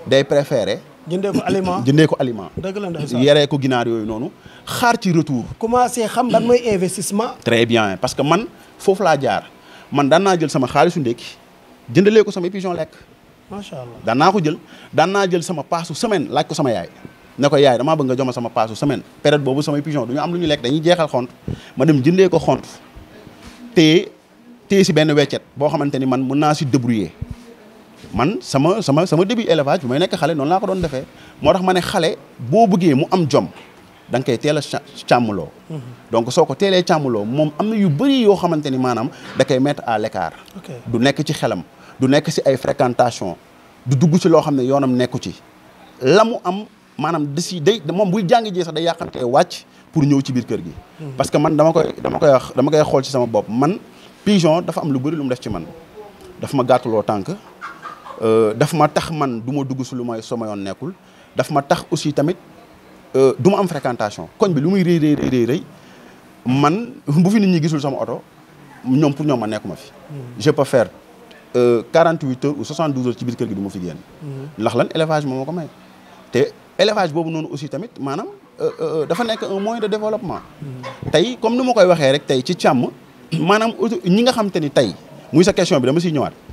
day préféré jëndee ko aliment jëndee ko aliment. dëgg la ndeysaan yaree ko ginaar yooyu noonu xaar ci retour. commencé xam lan mooy investissement. très bien parce que man foofu laa jaar man daan naa jël sama xaalisu ndékki jëndalee ko sama pigeon lekk. macha allah daan naa ko jël daan naa jël sama paasu semaine laaj ko sama yaay. ne ko yaay damaa bëgg nga jox ma sama paasu semaine période boobu samay pigeon du ñu am lu ñu lekk dañuy jeexal xont ma dem jëndee ko xont te téye si benn weccet boo xamante ni man mën naa si débrouiller. man sama sama sama début élevage bi may nekk xale noonu laa ko doon defee moo tax ma ne xale boo buggee mu am jom danga nga koy teel a càmmloo mhm. donc soo ko teelee càmmloo moom am na yu bëri yoo xamante ni maanaam da koy mettre à l'écart du nekk ci xelam du nekk si ay fréquentation du dugg ci loo xam ne yoonam nekku ci la mu am maanaam da si day moom buy jàngi jee sax day yàqante wàcc pour ñëw ci biir kër gi mhm. parce que man dama koy dama koy wax dama koy xool ci sama bopp man pigeon dafa am lu bëri lu mu def ci man daf ma gàttaloo tànk Euh, daf ma tax man du ma dugg si lu may sama yoon nekkul daf ma tax aussi tamit euh, du ma am fréquentation koñ bi lu muy rëy rëy rëy man bu fi nit ñi gisul sama oto ñoom pour ñoom ma nekkuma fi. Mm-hmm. je peux faire euh, quarante huit heures ou soixante douze heures ci biir kër gi du mu fi génn. Mm-hmm. ndax lan élevage moom moo ko may. te élevage boobu noonu aussi tamit maanaam dafa nekk un moyen de développement. Mm-hmm. tey comme ni ma koy waxee rek tey ci càmm maanaam ñi nga xam te ni tey muy sa question bi dama siy ñëwaat.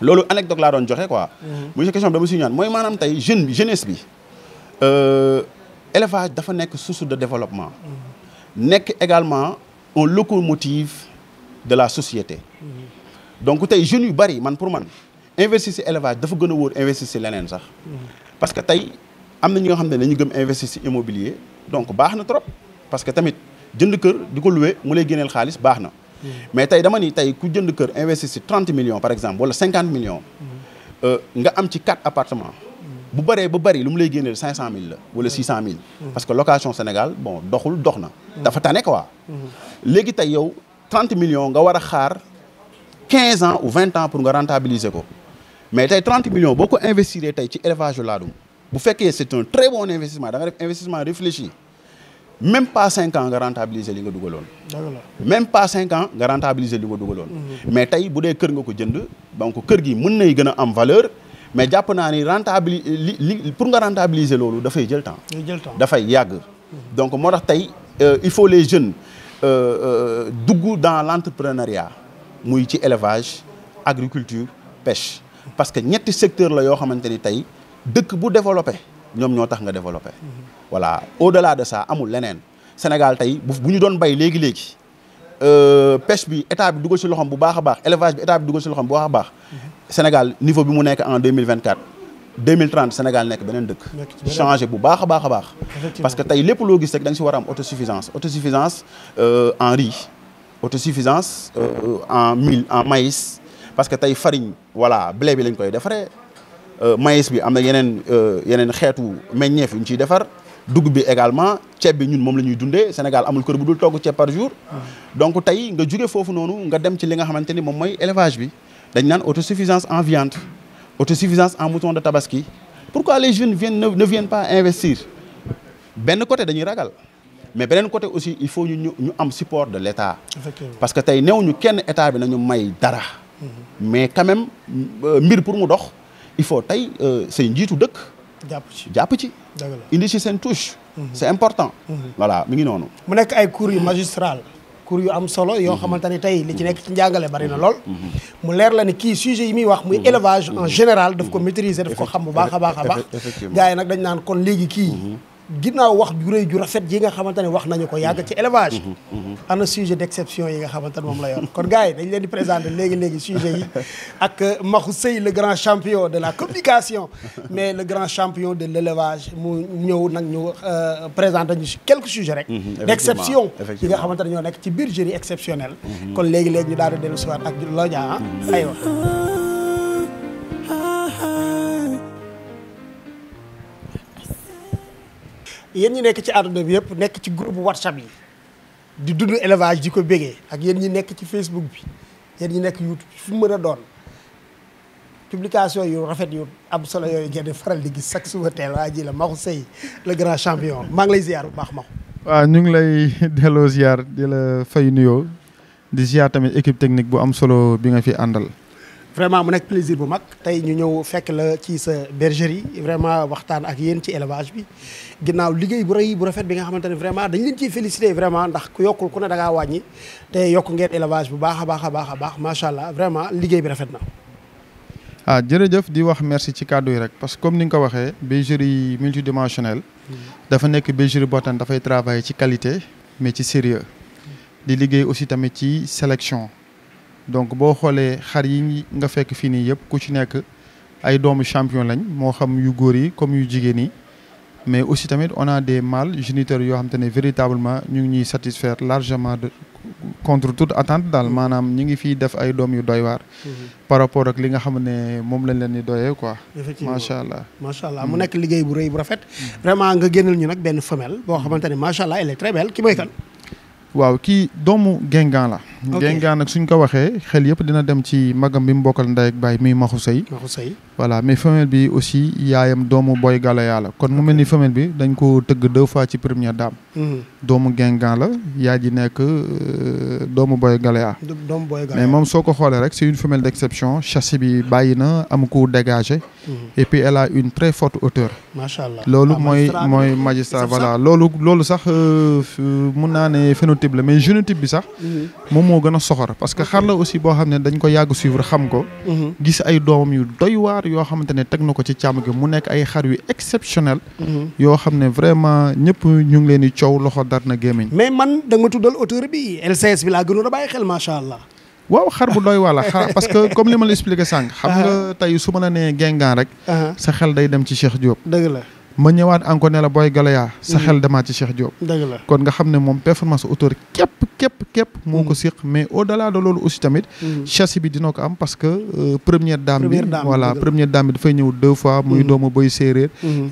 loolu anecdote laa doon joxe quoi. Mhm. muy question bi dama si ñaan mooy maanaam tey jeune bi jeunesse bi euh, élevage dafa nekk source de développement. Mhm. nekk également un locomotive de la société. Mhm. donc tey jeunes yu bari man pour man investir ci élevage dafa gën a wóor investi ci leneen sax. parce que tey am na ñi nga xam ne dañu gëm investir ci immobilier donc baax na trop parce que tamit jënd kër di ko louer mu lay génneel xaalis baax na. Mm. mais tey dama ni tey ku jënd kër investir si trente million par exemple wala cinquante millions. Mm. Euh, nga am ci quatre appartements. Mm. bu bëree ba bëri lu mu lay génneel cinq cent mille la wala six cent mill parce que location Sénégal bon doxul dox na. dafa tane quoi. léegi tey yow trente million nga war a xaar quinze ans ou vingt ans pour nga rentabiliser ko mais tey trente millions boo ko investir tey ci élevage laadum bu fekkee c'est un très bon investissement da nga def investissement même pas cinq ans nga rentabiliser li nga dugaloon. même pas cinq ans nga rentabiliser li nga dugaloon. Mhm. mais tey bu dee kër nga ko jënd donc kër gi mën nay gën a am valeur. mais jàpp naa ni rentabiliser li li pour nga rentabiliser loolu dafay jël temps. jël temps dafay yàgg. Mhm. donc moo tax tey euh, il faut les jeunes euh, euh, dugg dans l'entrepreneuriat muy ci élevage agriculture pêche. parce que ñetti secteur la yoo xamante ni tey dëkk bu développé ñoom ñoo tax nga développé. Mhm. voilà au-delà de ça amul leneen Sénégal tey bu ñu doon bay léegi léegi euh, pêche bi état bi dugal si loxoom bu baax a baax élevage bi état bi dugal ci loxoom bu baax a baax mhm. Sénégal niveau bi mu nekk en 2024 2030 Sénégal nekk beneen dëkk changé bu baax a baax a baax parce que tey lépp loo gis rek da nga ci war a am autosuffisance euh, en riz autosuffisance euh, en mil en maïs parce que tey farine voilà blé bi lañ koy defaree maïs bi am na yeneen yeneen xeetu meññeef yu ñu ciy defar dugub bi également ceeb bi ñun moom la ñuy dundee Sénégal amul kër bu dul togg ceeb par jour. Hmm. donc tey nga jóge foofu noonu nga dem ci li nga xamante ni moom mooy élévage bi dañ naan autosuffisance en viande autosuffisance en mouton de tabaski pourquoi les jeunes viennent ne viennent pas investir benn côté dañuy ragal mais beneen côté aussi il faut ñu ñu am support de l'État. parce que tey néew ñu kenn état bi nañu may dara. Hmm. mais quand même euh, mbir pour mu dox il faut tey euh, say njiitu dëkk. jàpp ci jàpp ci. indi ci seen touche. Mhm. c'est important. Mhm. voilà mi ngi noonu. mu nekk ay cours yu magistral cours yu am solo yoo mhm. xamante ne tey li ci nekk ci njàngale bari na lool. mu leer la ni kii sujet yi muy wax muy élevage en général daf ko maitriser daf ko xam bu baax a baax a baax. effectivement gars yi nag dañ naan kon léegi kii. ginnaaw wax ju rëy ju rafet ji nga xamante ne wax nañu ko yàgg ci élevage mm-hmm, mm-hmm. ana sujet d'exception yi nga xamante ne moom la yoon kon gars yi dañ leen di présenter léegi-léegi sujet yi ak Makhou Seye le grand champion de la communication mais le grand champion de l'élevage mu ñëw nag ñu euh, présenter ñu quelques sujets rek mm-hmm, d'exception yi nga xamante ne ñoo nekk ci biir jury exceptionnel kon léegi-léegi ñu daal di dellu siwaat ak Lodian ah. aywa yéen ñi nekk ci àdduna bi yëpp nekk ci groupe whatsapp yi di dund élevage yi ko béggee ak yéen ñi nekk ci facebook bi yéen ñi nekk youtube fu mën a doon publication yu rafet yu am solo yooyu ngeen faral di gis chaque suba teel waa ji la Maxu Seye le grand champion maa ngi lay ziar bu baax Maxu waa ñu ngi lay delloo ziar di la fay nuyoo di ziar tamit équipe technique bu am solo bi nga fi àndal vraiment mu nekk plaisir bu mag tey ñu ñëw fekk la ci sa bergerie vraiment waxtaan ak yéen ci élevage bi ginnaaw liggéey bu rëy bu rafet bi nga xamante ne vraiment dañ leen ciy félicité vraiment ndax ku yokkul ku ne da wàññi te yokk ngeen élevage bu baax a baax a baax a macha allah vraiment liggéey bi rafet na. ah jërëjëf di wax merci ci kàddu yi rek parce que comme ni nga ko waxee bergerie multidimensionnelle. dafa nekk bergerie boo xam ne dafay travailler ci qualité mais ci di liggéey aussi tamit ci sélection. donc boo xoolee xar yi nga fekk fii nii yëpp ku ci nekk ay doomu champion lañ moo xam yu góor yi comme yu jigéen yi mais aussi tamit on a des mâles géniteurs yoo xam te ne véritablement ñu ngi ñuy satisfaire largement de contre toute attente daal mm-hmm. maanaam ñu ngi def ay doom yu doywaar waar. Mm-hmm. par rapport ak li nga xam ne moom lañ leen di doyee quoi. effectivement macha allah. macha allah mu mm-hmm. nekk liggéey bu rëy bu rafet. vraiment nga génnal ñu nag benn femelle boo xamante ne macha allah elle est très ki mooy kan. waaw kii doomu Guingamp la. Ngengaan nag suñ ko waxee xel yëpp dina dem ci magam bi mu bokkal ndey ak baay muy Maxu Sey Maxu Sey voilà mais femelle bi aussi yaayam doomu Boy Galaya la kon mu mel ni femelle bi dañ ko tëgg deux fois ci première dame mm-hmm. doomu Ngengaan la yaay ji nekk euh, doomu Boy Galaya doomu Boy Galaya mais moom soo ko xoolee rek c'est une femelle d'exception châssis bi bàyyi na am ko dégagé mm-hmm. et puis une très forte hauteur macha allah loolu ah, mooy mooy magistrat voilà loolu loolu sax euh, mun naa ne phénotype la mais génotype bi sax mm-hmm. moo gën a soxor parce que xar la aussi boo xam ne dañ ko yàgg suivre xam ko mm-hmm. gis ay doomam yu doy waar yoo xamante ne teg na ko ci càmm gi mu nekk ay xar yu exceptionnel mm-hmm. yoo xam ne vraiment ñëpp ñu ngi leen di coow loxo dar na gémmiñ mais man da nga ma tuddal auteur bi LCS bi laa gënoon a bàyyi xel macha allah waaw xar bu doy wala xar parce que comme li ma la expliqué sànq xam ah. nga tey su ma la nee Guingamp rek ah. sa xel day dem ci Cheikh Diop dëgg ma ñëwaat encore ne booy Boy Galaya sa mm-hmm. xel demaat ci Cheikh Diop dëgg la kon nga xam ne moom performance auteur képp képp képp moo ko mm-hmm. siq mais au delà de loolu aussi tamit mm-hmm. châssis bi dina ko am parce que euh, première dame bi voilà première dame dafay ñëw deux fois muy doomu boy séeréer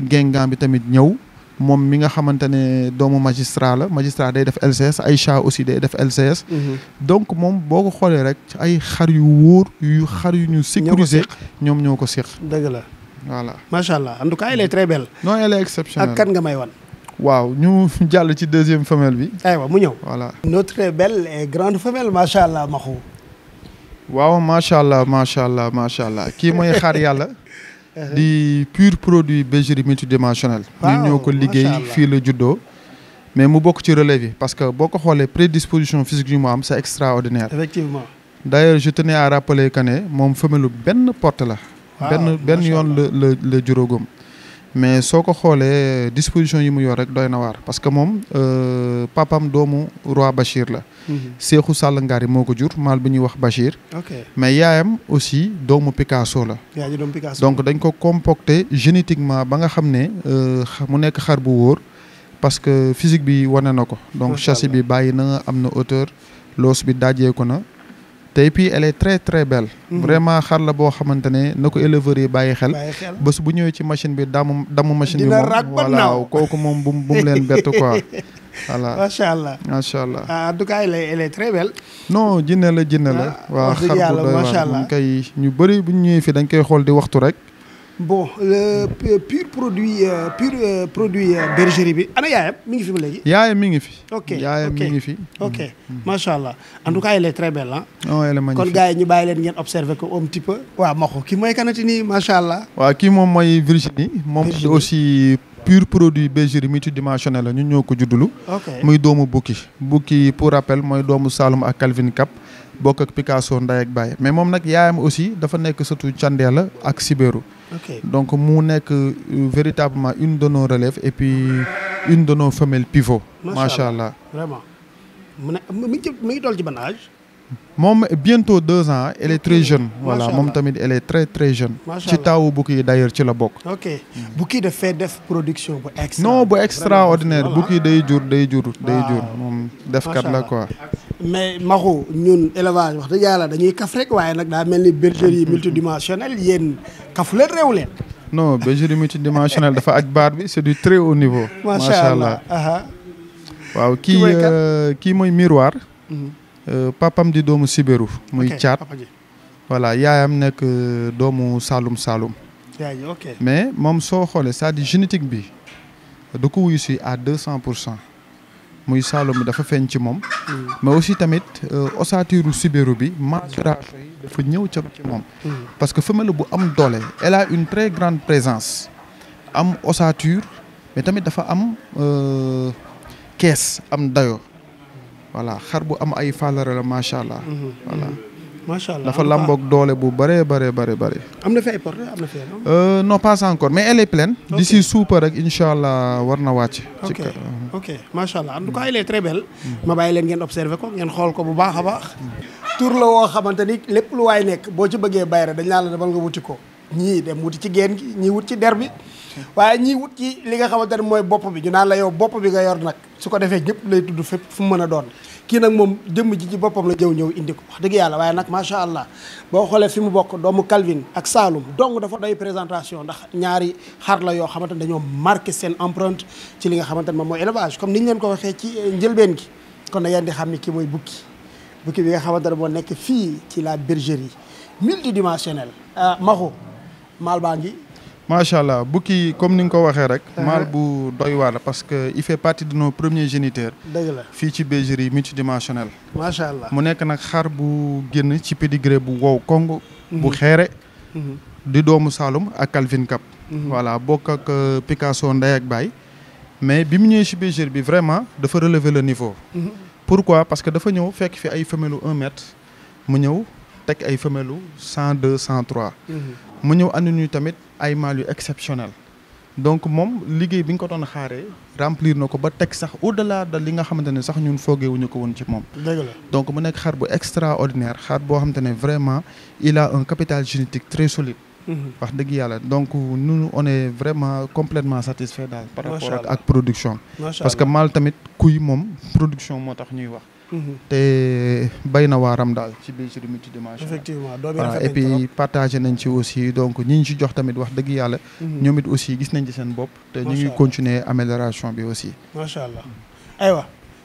gengaan bi tamit ñëw moom mi nga xamante ne doomu magistrat la magistrat day def LCS Aïcha aussi day def LCS. donc moom boo ko xoolee rek ay xar yu wóor yu xar yu ñu sécuriser ñoom ñoo ko séq dëgg la voilà macha allah en tout cas elle est très kan nga may wan. waaw ñu jàll ci deuxième femelle bi. mu ñëw voilà. grande femelle macha allah Maxu. waaw macha allah macha allah kii mooy xaar yàlla. Uh-huh. di pur produit bergerie multidimensionnelle. ñu ñoo ko liggéey fii la juddoo. mais mu bokk ci relève yi parce que boo ko xoolee prédisposition physique yu mu am c'est extraordinaire. effectivement d'ailleurs je tenais que ne moom femelle benn porte la. Ah, benn benn yoon la la la mais soo ko xoolee disposition yi mu yor rek doy na waar parce que moom euh, papam doomu roi Bachir la mhm. Seexu Sàll Ngaari moo ko jur mal bi ñuy wax Bachir mais yaayam aussi doomu Picasso la donc dañ ko comporté génétiquement ba nga xam ne euh, mu nekk xar bu wóor parce que physique bi wane na ko donc châssis bi bàyyi na am na hauteur loos bi daajeeku na te et puis elle très très belle. Mhm. vraiment xar la boo xamante ne na ko éleveurs yi bàyyi xel. bés bu ñëwee ci machine bi damm damm machine bi. dina ràgg naaw kooku moom bu mu leen bett quoi. voilà macha allah macha allah. Ah, en tout cas elle est non jinne la jinne la. Ah, waaw xar bu doy waar ñu koy ñu bëri bu ñu ñëwee fii dañ koy xool di waxtu rek. bon pur produit euh, pur euh, produit euh, bergerie bi ana yaayam mi ngi fi ba léegi. yaayam mi ngi fi. ok yaayam mi ngi fi. ok mm. macha allah en tout cas elle est très belle oh, kon gars yi ñu bàyyi leen ngeen observer ko un petit peu. waaw Maxo kii mooy kanati nii macha allah. waaw kii moom mooy Virginie. moom aussi. pur produit bergerie multidimensionnel la ñu ñëw ko juddulu muy doomu bukki bukki pour rappel mooy doomu Saloum ak Calvin Cap bokk ak Picasso nday ak baay mais moom nag yaayam aussi dafa nekk surtout Candeela ak Sibéru donc mu nekk euh, véritablement une de nos et puis une de nos femelles pivots. allah vraiment mu ne mi ngi ci mi ngi toll moom bientôt deux ans elle est très jeune. voilà moom tamit elle est très très jeune. ci taawu bukki yi d'ailleurs ci la bokk. ok bukki dafay def production bu extra. non bu extraordinaire bukki day jur day jur day jur moom defkat la quoi. mais Maxu ñun élevage wax dëgg yàlla dañuy kaf rek waaye nag daa mel ni bergerie multidimensionnelle yéen kafu leen réew leen. non bergerie multidimensionnelle dafa aj baat bi c'est du très haut niveau. macha allah waaw kii kii mooy euh, miroir. Mhm. Euh, papam di doomu Sibéru muy caat voilà yaayam nekk euh, doomu Saalum Saalum mais moom soo xoolee cest à génétique bi du ko wuyu si à deux cent pour cent muy Saalum bi dafa feeñ ci moom hmm. mais aussi tamit euh, ossature Sibéru bi maturation yi dafa ñëw ca ci moom hmm. parce que femelle bu am doole elle a une très grande présence am ossature mais tamit dafa am kees am dayo voilà xar bu am ay fàllare la macha allah. Mhm. Mhm. macha allah dafa lamboog doole bu bëree bare bëri bëri. am na fi ay portée am na fi ay euh, non pas encore mais elle est pleine. si d'ici suupa rek incha allah war na wàcc. ci kër euh. ok macha allah en tout ma bàyyi leen ngeen observé ko ngeen xool ko bu baax a baax. tur la woo xamante ni lépp lu waay nekk boo ci bëggee bayra dañ laa la demal nga wuti ko. ñii dem wuti ci geen gi ñii wut ci der bi. waaye ñiy wut ci li nga xamante ne mooy bopp bi ñu naan la yow bopp bi nga yor nag su ko defee ñëpp lay tudd fépp fu mu mën a doon kii nag moom jëmm ji ci boppam la jëw ñëw indi ko wax dëgg yàlla waaye nag macha allah boo xoolee fi mu bokk doomu Calvin ak saalum donc dafa doy présentation ndax ñaari xar la yoo xamante ne dañoo marqué seen empreinte ci li nga xamante ne moom mooy élevage comme niñ leen ko waxee ci euh, njëlbeen gi kon na yéen di xam ni ki mooy bukki bukki bi nga xamante ne moo nekk fii ci la bergerie multidimensionnelle euh, maxu maal baa ngi macha allah bukki comme ni nga ko waxee rek. Ah. maal bu doy waar parce que il fait partie de nos premiers géniteurs. dëgg la fii ci bergerie multidimensionnelle. macha allah mu nekk nag xaar bu génn ci pédigré bu wow kong. bu mhm. xeere. Mhm. di doomu Saloum ak Calvin Cap. Mhm. voilà bokk ak euh, Picasso ndey ak baay. mais bi mu ñëwee ci bergerie bi vraiment dafa relever le niveau. pourquoi parce que dafa ñëw fekk fi ay femelles un mètre mu ñëw tekk ay femelles cent deux cent mu ñëw andi ñu tamit. ay mal yu exceptionnel donc moom liggéey bi nga ko doon xaaree remplir na ko ba teg sax au la de li nga xamante ne sax ñun foogeewuñu ko woon ci moom. dëgg donc mu nekk xar bu extraordinaire xar boo xamante ne vraiment il a un capital génétique très solide. Mhm. wax dëgg yàlla donc nous on vraiment complètement satisfait daal. par rapport ak production. parce que maal tamit kuy moom production moo tax ñuy wax. te bay na waaram daal ci biir ci multidimension effectivement voilà et puis partagé nañ ci aussi donc ñi ñu ci jox tamit wax dëgg yàlla mhm. ñoom it aussi gis nañ ci seen bopp te ñu ngi continuer amélioration bi aussi macha allah aywa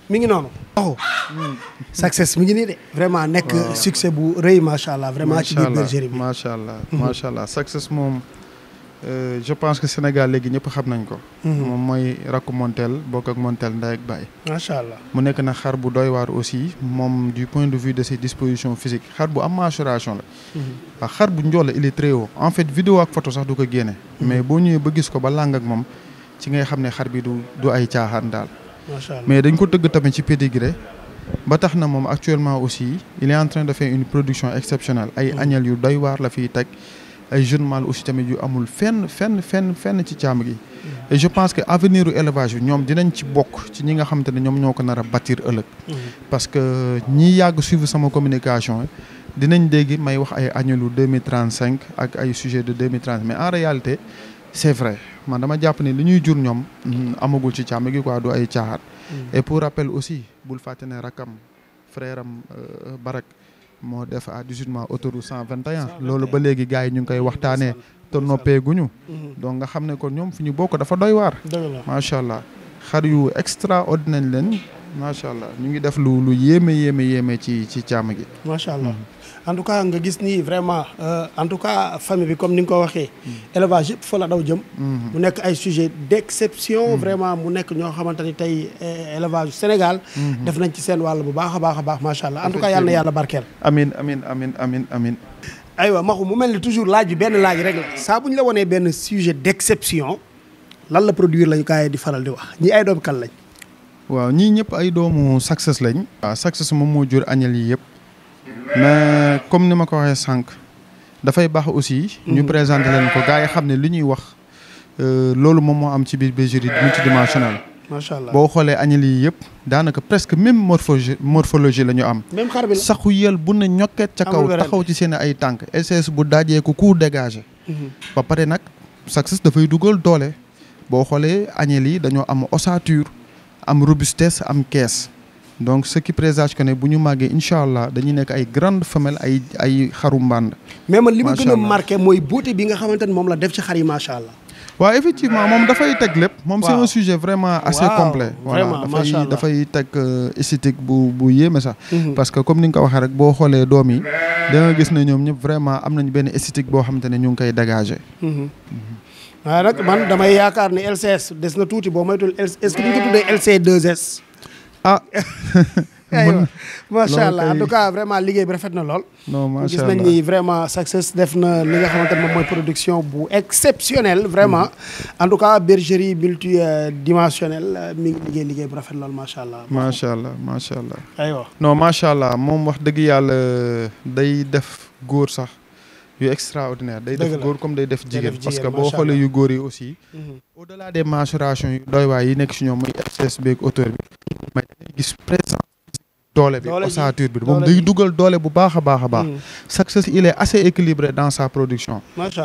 mi ngi noonu waxu oh. hmm. success ngi nii de vraiment nekk succès bu rëy macha allah vraiment ci biir bergerie bi macha allah hmm. macha allah success moom Euh, je pense que Sénégal léegi ñëpp xam nañ ko. Mhm. moom mooy rakku Montel bokk ak Montel ndey ak baay. macha allah mu nekk na xar bu doy waar aussi moom du point de vue de ses dispositions physiques xar bu am maturation la. Mhm. waaw xar bu njool la il est très en fait vidéo ak photo sax du ko génne. Mhm. mais boo ñëwee ba gis ko ba làng ak moom ci ngay xam ne xar bi du du ay caaxaan daal. macha mais dañ ko tëgg tamit ci pédigré. ba tax na moom actuellement aussi il est en train de une production exceptionnelle. ay añel yu doy la fiy ay jeunes mâles aussi tamit yu amul fenn fenn fenn fenn ci càmm gi. je pense que avenir u yu ñoom dinañ ci bokk ci ñi nga xamante ne ñoom ñoo ko nar a ëllëg. Mm-hmm. parce que ñi yàgg suivre sama communication dinañ dégg may wax ay añalu deux mille cinq ak ay sujet de deux mille mais en réalité c' est vrai man dama jàpp ne li ñuy jur ñoom mm, amagul ci càmm gi quoi du ay caaxaan. Mm-hmm. et pour rappel aussi bul fàtte ne rakam frère am euh, Barak. moo def à 18 mois autoroute 121 loolu ba léegi gars yi ñu ngi koy waxtaanee te noppeeguñu guñu mhm. donc nga xam ne kon ñoom fi ñu bokk dafa doy waar macha allah xar yu extraordinaire leen macha allah ñu ngi def lu lu yéeme yéeme yéeme ci ci càmm gi. macha allah mm-hmm. en tout cas nga gis ni vraiment euh, en tout cas famille bi comme ni nga ko waxee. Mm-hmm. élevage yëpp fa la daw jëm. Mm-hmm. mu nekk ay sujet d'exception. vraiment mu nekk ñoo xamante ni tey euh, élevage Sénégal. def nañ ci seen wàll bu baax a baax a baax macha allah en tout cas yàlla na yàlla barkeel. amin amin amin amin amin aywa maxu mu mel ni toujours laaj bi benn laaj rek la saa bu ñu la wanee benn sujet d'exception lan la produire lañu kaay di faral di wax ñi ay doom kan waaw ñii ñëpp ay doomu success lañ. waaw success moom moo jur añel yi yëpp. mais comme ni ma ko waxee sànq. dafay baax aussi. ñu mhm. présenté leen ko gars yi xam ne li ñuy wax. Euh, loolu moom moo am ci biir bergerie multidimensionnelle. macha allah boo xoolee añel yi yëpp daanaka presque même morphologie morphologie la ñu am. même xar bi la saxu yel bu ne ñokket ca kaw taxaw ci seen ay tànk SS bu daajee ko ku dégagé. Mhm. ba pare nag success dafay dugal doole. boo xoolee añel yi dañoo am ossature. am robustesse am caisse donc ce qui présage que ne bu ñu màggee incha allah dañu nekk ay grande femelle ay ay xaru mbànd. mais man li ma gën a marqué mooy beauté bi nga xamante ne moom la def ci xar yi macha allah. waaw effectivement moom dafay teg lépp. moom c'est un sujet vraiment assez complet. voilà dafay dafay teg euh, esthétique bu bu yéeme sax. Mhm. parce que comme ni nga ko waxee rek boo xoolee doom yi. da nga gis ne ñoom ñëpp vraiment am nañ benn esthétique boo xamante ne ñu ngi koy dégagé. Mhm. Mhm. waaye nag man damay yaakaar ni LCS des na tuuti boo moytul est-ce ah. aywa macha allah en tout cas vraiment liggéey bi rafet na lool. non macha allah gis nañ vraiment success def na li nga xamante ne moom mooy production bu exceptionnelle vraiment. Mm. en tout cas bergerie multidimensionnelle euh, mi ngi liggéey liggéey bu rafet lool macha allah. macha allah macha allah. aywa non macha allah moom wax dëgg yàlla euh, day def góor sax. yu extraordinaire day def góor comme day def jigéen parce que boo xoolee yu góor yi aussi mhm. au delà des mensurations yu doy waay yi nekk si ñoom muy abscesse beeg auteur bi mais dangay gis présence doole bi ossature bi moom dugal doole bu baax a baax a baax mhm. succès il est assez équilibré dans sa production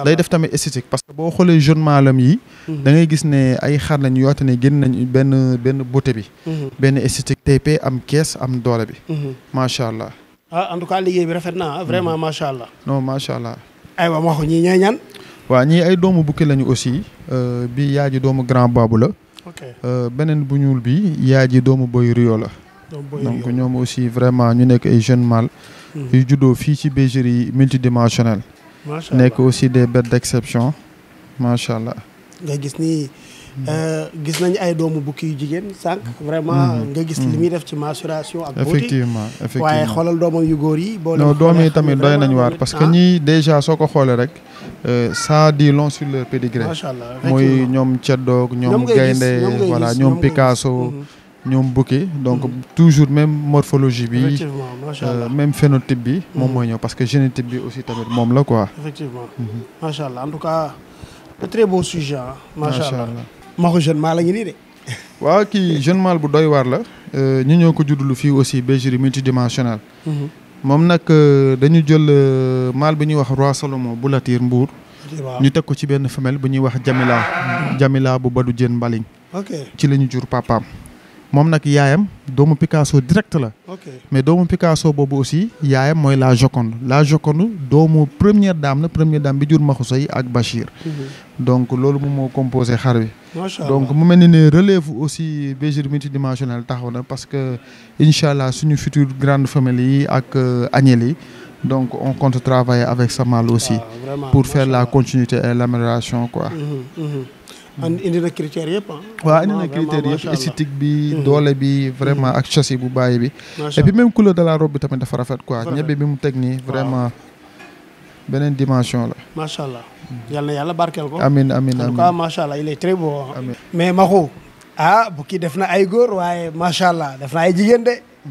day def tamit esthétique parce que boo xoolee jeune maalam yi mhm. da ngay gis ne ay xar lañ yoote ne génn nañ benn benn beauté bi benn esthétique tey am kees am doole bi macha allah ah en tout cas liggéey bi rafet na ah, vraiment hmm. macha allah. non macha allah. aywa ma ko ñii ñooy waa ñii ay doomu bukki lañu aussi euh, bi yaa doomu grand babu la. Euh, beneen bu ñuul bi yaa doomu boy rio la. donc ñoom aussi vraiment ñu nekk ay jeunes mâles. Hmm. yu juddoo fii ci bergerie multidimensionnelle. nekk aussi des bêtes d'exception macha allah. gis ni. Euh, gis nañ ay doomu bukki yu jigéen sànq. Mm-hmm. vraiment mm-hmm. nga gis li mm-hmm. muy def ci mensuration ak beauté waaye xoolal doomam yu góor yi. boo leen doom yi tamit doy nañ waar parce que ah. ñii déjà soo ko xoolee rek. Euh, ça dit long sur leur pédigré. macha allah mooy ñoom Ceddoog ñoom. Gaynde voilà ñoom Picasso. ñoom bukki donc toujours même morphologie bi euh, même phénotype bi moom mooy ñëw parce que génétique bi aussi tamit moom la quoi effectivement macha allah en tout cas très beau maxu jeune mâle la ñu nii de. waaw kii jeune mâle bu doy war la. Euh, ñu ñoo ko juddulu fii aussi bergerie multidimensionnelle. Mhm. moom nag euh, dañu jël euh, mal bi ñuy wax roi Salomon bu Latir Mbour. ñu teg ko ci benn femelle bu ñuy wax Jamila. Mhm. Jamila bu Badu Jeen Mbaling. ok ci la ñu jur papaam. moom nag yaayam doomu Picasso direct la. mais doomu Picasso boobu aussi yaayam mooy la Joconde la Joconde doomu première dame na première dame bi jur Maxusa yi ak Bachir. Mhm. donc loolu moom moo composé xar wi. donc mu mel ni ne relève aussi bergerie multidimensionnelle taxaw na parce que incha allah suñu future grande famille yi ak euh, agnelle donc on compte travailler avec Samal aussi. Ah, pour faire la continuité et la l'amélioration quoi. Mhm, mhm. and indi na critères yëpp ah. waaw indi bi hmm. doole bi vraiment hmm. ak châssis bu bàyyi bi. et puis même couleur de la tamit dafa rafet quoi. ñebe bi mu teg nii vraiment beneen dimension la. macha allah hmm. yal yàlla barkeel ko. amiin amiin amiin en tout macha allah il est très beau. Ah. amiin mais Maxu ah bu kii def na ay góor waaye macha allah def na ay jigéen de.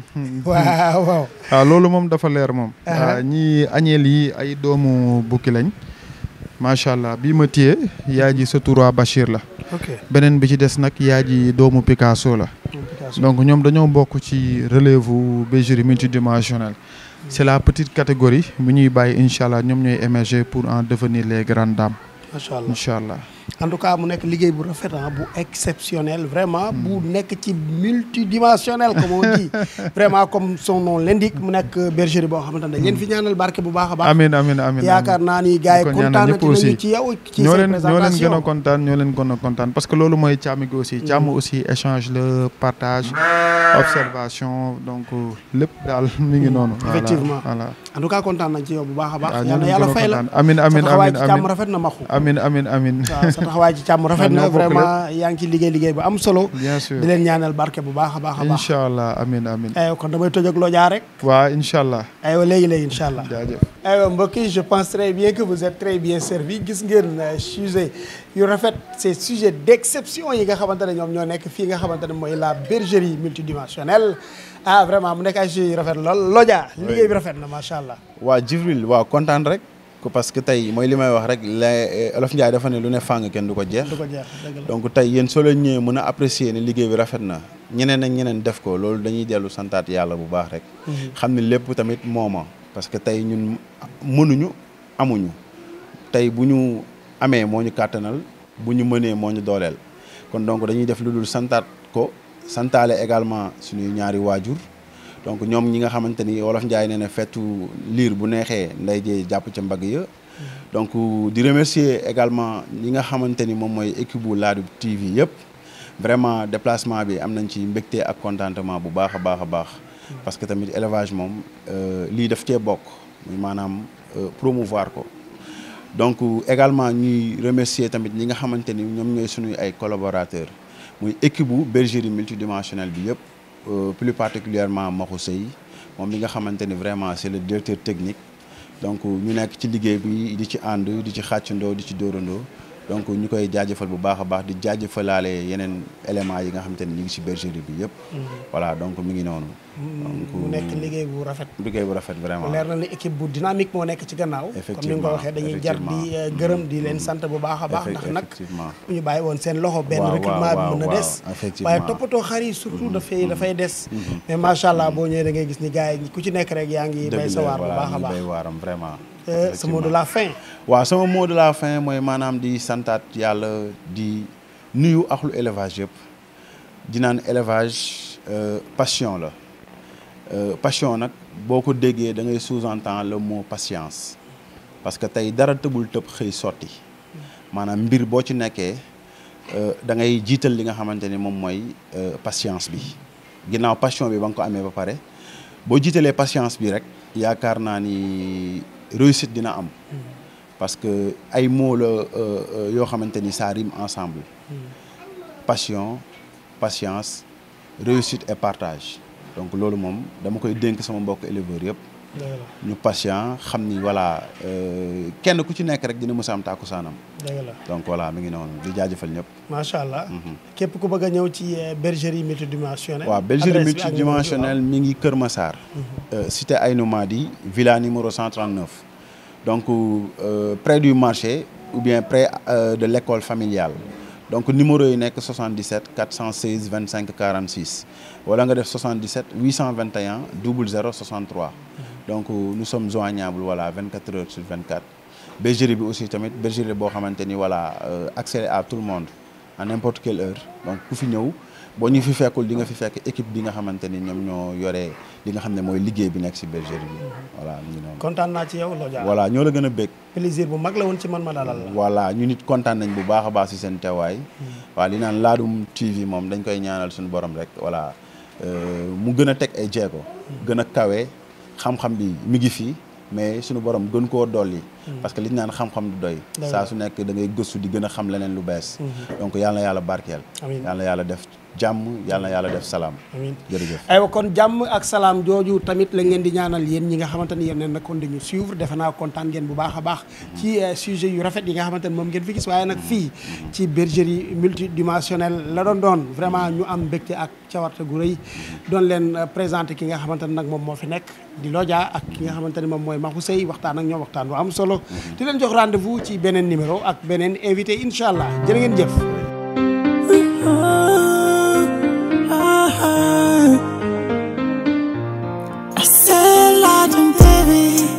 waaw ah, loolu moom dafa leer moom. Uh-huh. Ah, ñi añeel yi ay doomu bukki lañ. macha allah bii ma téye yaay ji sa turaa Bachir la. beneen bi ci des nag yaay ji doomu Picasso la. donc ñoom dañoo bokk ci relève bu bergerie multidimensionnelle. Mm. c' est la petite catégorie bu ñuy bàyyi incha allah ñoom ñooy émerger pour en devenir les grandes dames. macha allah. en tout cas mu nekk liggéey bu rafet ah, bu exceptionnel vraiment bu hmm. nekk ci multidimensionnel comme on dit vraiment comme son nom l'indique mu nekk bergerie boo xamante ne leen fi hmm. ñaanal barke bu baax a baax amiin amiin amiin yaakaar naa ni gars yi nañu ci yow ci ñoo a kontaan ñoo leen gën a kontaan parce que loolu mooy càmm gi aussi càmm hmm. aussi échange le partage observation donc lépp daal mi ngi noonu effectivement voilà en tout cas kontaan bu baax a ah, na yàlla fay sa taxawaay ci càmm rafet na vraiment yaa ngi ci liggéey liggéey bu am solo bien sûr di leen ñaanal barke bu baax a baax a baax incha allah amin amin aywa kon damay toj ak rek waaw incha allah aywa léegi-léegi incha allah jaajëf aywa mbokk yi je pense très bien que vous êtes très bien servi gis ngeen euh, sujet yu rafet ces sujets d'exception yi nga xamante ne ñoom ñoo nekk fii nga xamante ne mooy la bergerie multidimensionnelle ah vraiment mu nekk ay sujets yu rafet lool looja liggéey bi rafet na macha allah waa Jibril waa kontaan rek parce que tey mooy li may wax rek la eh, Olof Ndiaye dafa ne lu ne fàng kenn du ko jeex donc tey yéen soo leen ñëwee mën a apprécier ne liggéey bi rafet na ñeneen ak ñeneen def ko loolu dañuy dellu santaat yàlla bu baax rek mhm. xam ne lépp tamit mooma parce que tey ñun mënuñu amuñu tey bu ñu amee moo ñu kàttanal bu ñu mënee moo ñu dooleel kon donc dañuy def lu dul santaat ko santaale également suñuy ñaari waajur donc ñoom ñi nga xamante ni wolof Njaay nee na fettu liir bu neexee nday jee jàpp ca mbag ya donc di remercier également ñi nga xamante ni moom mooy équipe bu Ladoum TV yëpp vraiment déplacement bi am nañ ci mbégte ak contentement bu baax a baax a baax parce que tamit élevage moom euh, lii daf cee bokk muy maanaam euh, promouvoir ko donc également ñuy remercier tamit ñi nga xamante ni ñoom ñooy suñuy ay collaborateurs muy équipe bu multi multidimensionnelle bi yëpp Euh, plus particulièrement Maxu Sey moom mi nga xamante ni vraiment c'est le directeur technique donc euh, ñu nekk ci liggéey bi di ci ànd di ci xàccandoo di ci dóorandoo donc ñu koy jaajëfal bu baax a baax di jaajëfalaale yeneen éléments yi nga xamante ne ñu ngi si bergerie bi yëpp. Mm-hmm. voilà donc mi ngi noonu. Mm-hmm. mu nekk liggéey bu rafet. liggéey bu rafet vraiment. leer na ne équipe bu dynamique moo nekk ci gannaaw. effectivement comme ni nga dañuy jar di euh, gërëm di leen mm-hmm. sant bu baax a baax. ndax nag ñu bàyyi woon seen loxo. benn recrutement bi mën a des. waaye toppatoo xar yi surtout dafay dafay des. mais macha allah boo ñëwee da ngay gis ni gars yi ku ci nekk rek yaa ngi bay sa waar bu baax sa euh, de la fin. waaw sama mot de la fin mooy maanaam di santaat yàlla di nuyu axlu élevage yëpp di naan élevage euh, passion la euh, passion nag boo ko déggee da ngay en temps le mot patience parce que tey dara tëbul tëb xëy sotti maanaam mbir boo ci nekkee da ngay jiital li nga xamante ni moom mooy patience bi ginnaaw passion bi ba nga ko amee ba pare boo jiitalee patience bi rek yaakaar naa ni. réussite dina am parce que ay mots la euh, euh, yoo xamante ni ça rime ensemble passion patience réussite et partage donc loolu moom dama koy dénk sama mbokk éleveurs yëpp ñu patient xam ni voilà euh, kenn ku ci nekk rek dina mës a am tàkkusaanam donc voilà mi ngi noonu di jaajëfal ñëpp macha allah mhm. képp ku bëgg ñëw ci euh, bergerie multidimensionnelle waaw bergerie multidimensionnelle mi ngi Kër Massar mhm. euh, cité Aïnou Madi villa numéro 139 donc euh, près du marché ou bien près euh, de l'école familiale donc numéro yi nekk 77 416 25 46 wala nga def vingt 77 821 00 63 donc nous sommes joignables voilà 24 heures vingt 24 bergerie bi aussi tamit bergerie boo xamante ni voilà euh, accès à tout le monde à n'importe quelle heure donc ku fi ñëw boo ñu fi fekkul di nga fi fekk équipe bi nga xamante ni ñoom ñoo yore li nga xam ne mooy liggéey bi nekk si bergerie bi voilà kontaan naa ci yow loo voilà ñoo la gën a bég. plaisir bu mag la woon ci man ma dalal la. voilà ñu nit kontaan nañ bu baax baax ci seen teewaay. Hmm. waa li naan Ladoum TV moom dañ koy ñaanal suñu borom rek voilà euh, mu gën a teg ay jéego. Hmm. a kawe. xam-xam bi mu ngi fii mais suñu borom gën koo dolli. Hmm. parce que li naan xam-xam du doy. saa su nekk da ngay gëstu di gën a xam leneen lu bees. Hmm. donc yàlla yàlla barkeel. amiin yàlla yàlla def jàmm yàlla na yàlla def salaam. amiin kon jàmm ak salaam jooju tamit lañ leen di ñaanal yéen ñi nga xamante ni yéen nag kon ñu suivre defe naa kontaan ngeen bu baax a baax. ci eh, sujet yu rafet yi nga xamante ni moom ngeen fi gis waaye nag fii ci bergerie multidimensionnelle la doon doon vraiment ñu am mbégte ak cawarte gu rëy doon leen eh, présenté ki nga xamante ni nag moom moo fi nekk di Lodja ak ki nga xamante ni moom mooy Makhou Seye waxtaan ak ñoom waxtaan bu am solo. di leen jox rendez vous ci beneen numéro ak beneen invité incha allah jërë ngeen jëf.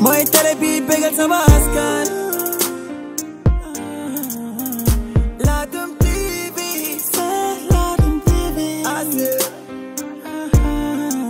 mooy télé bi bégal sama askan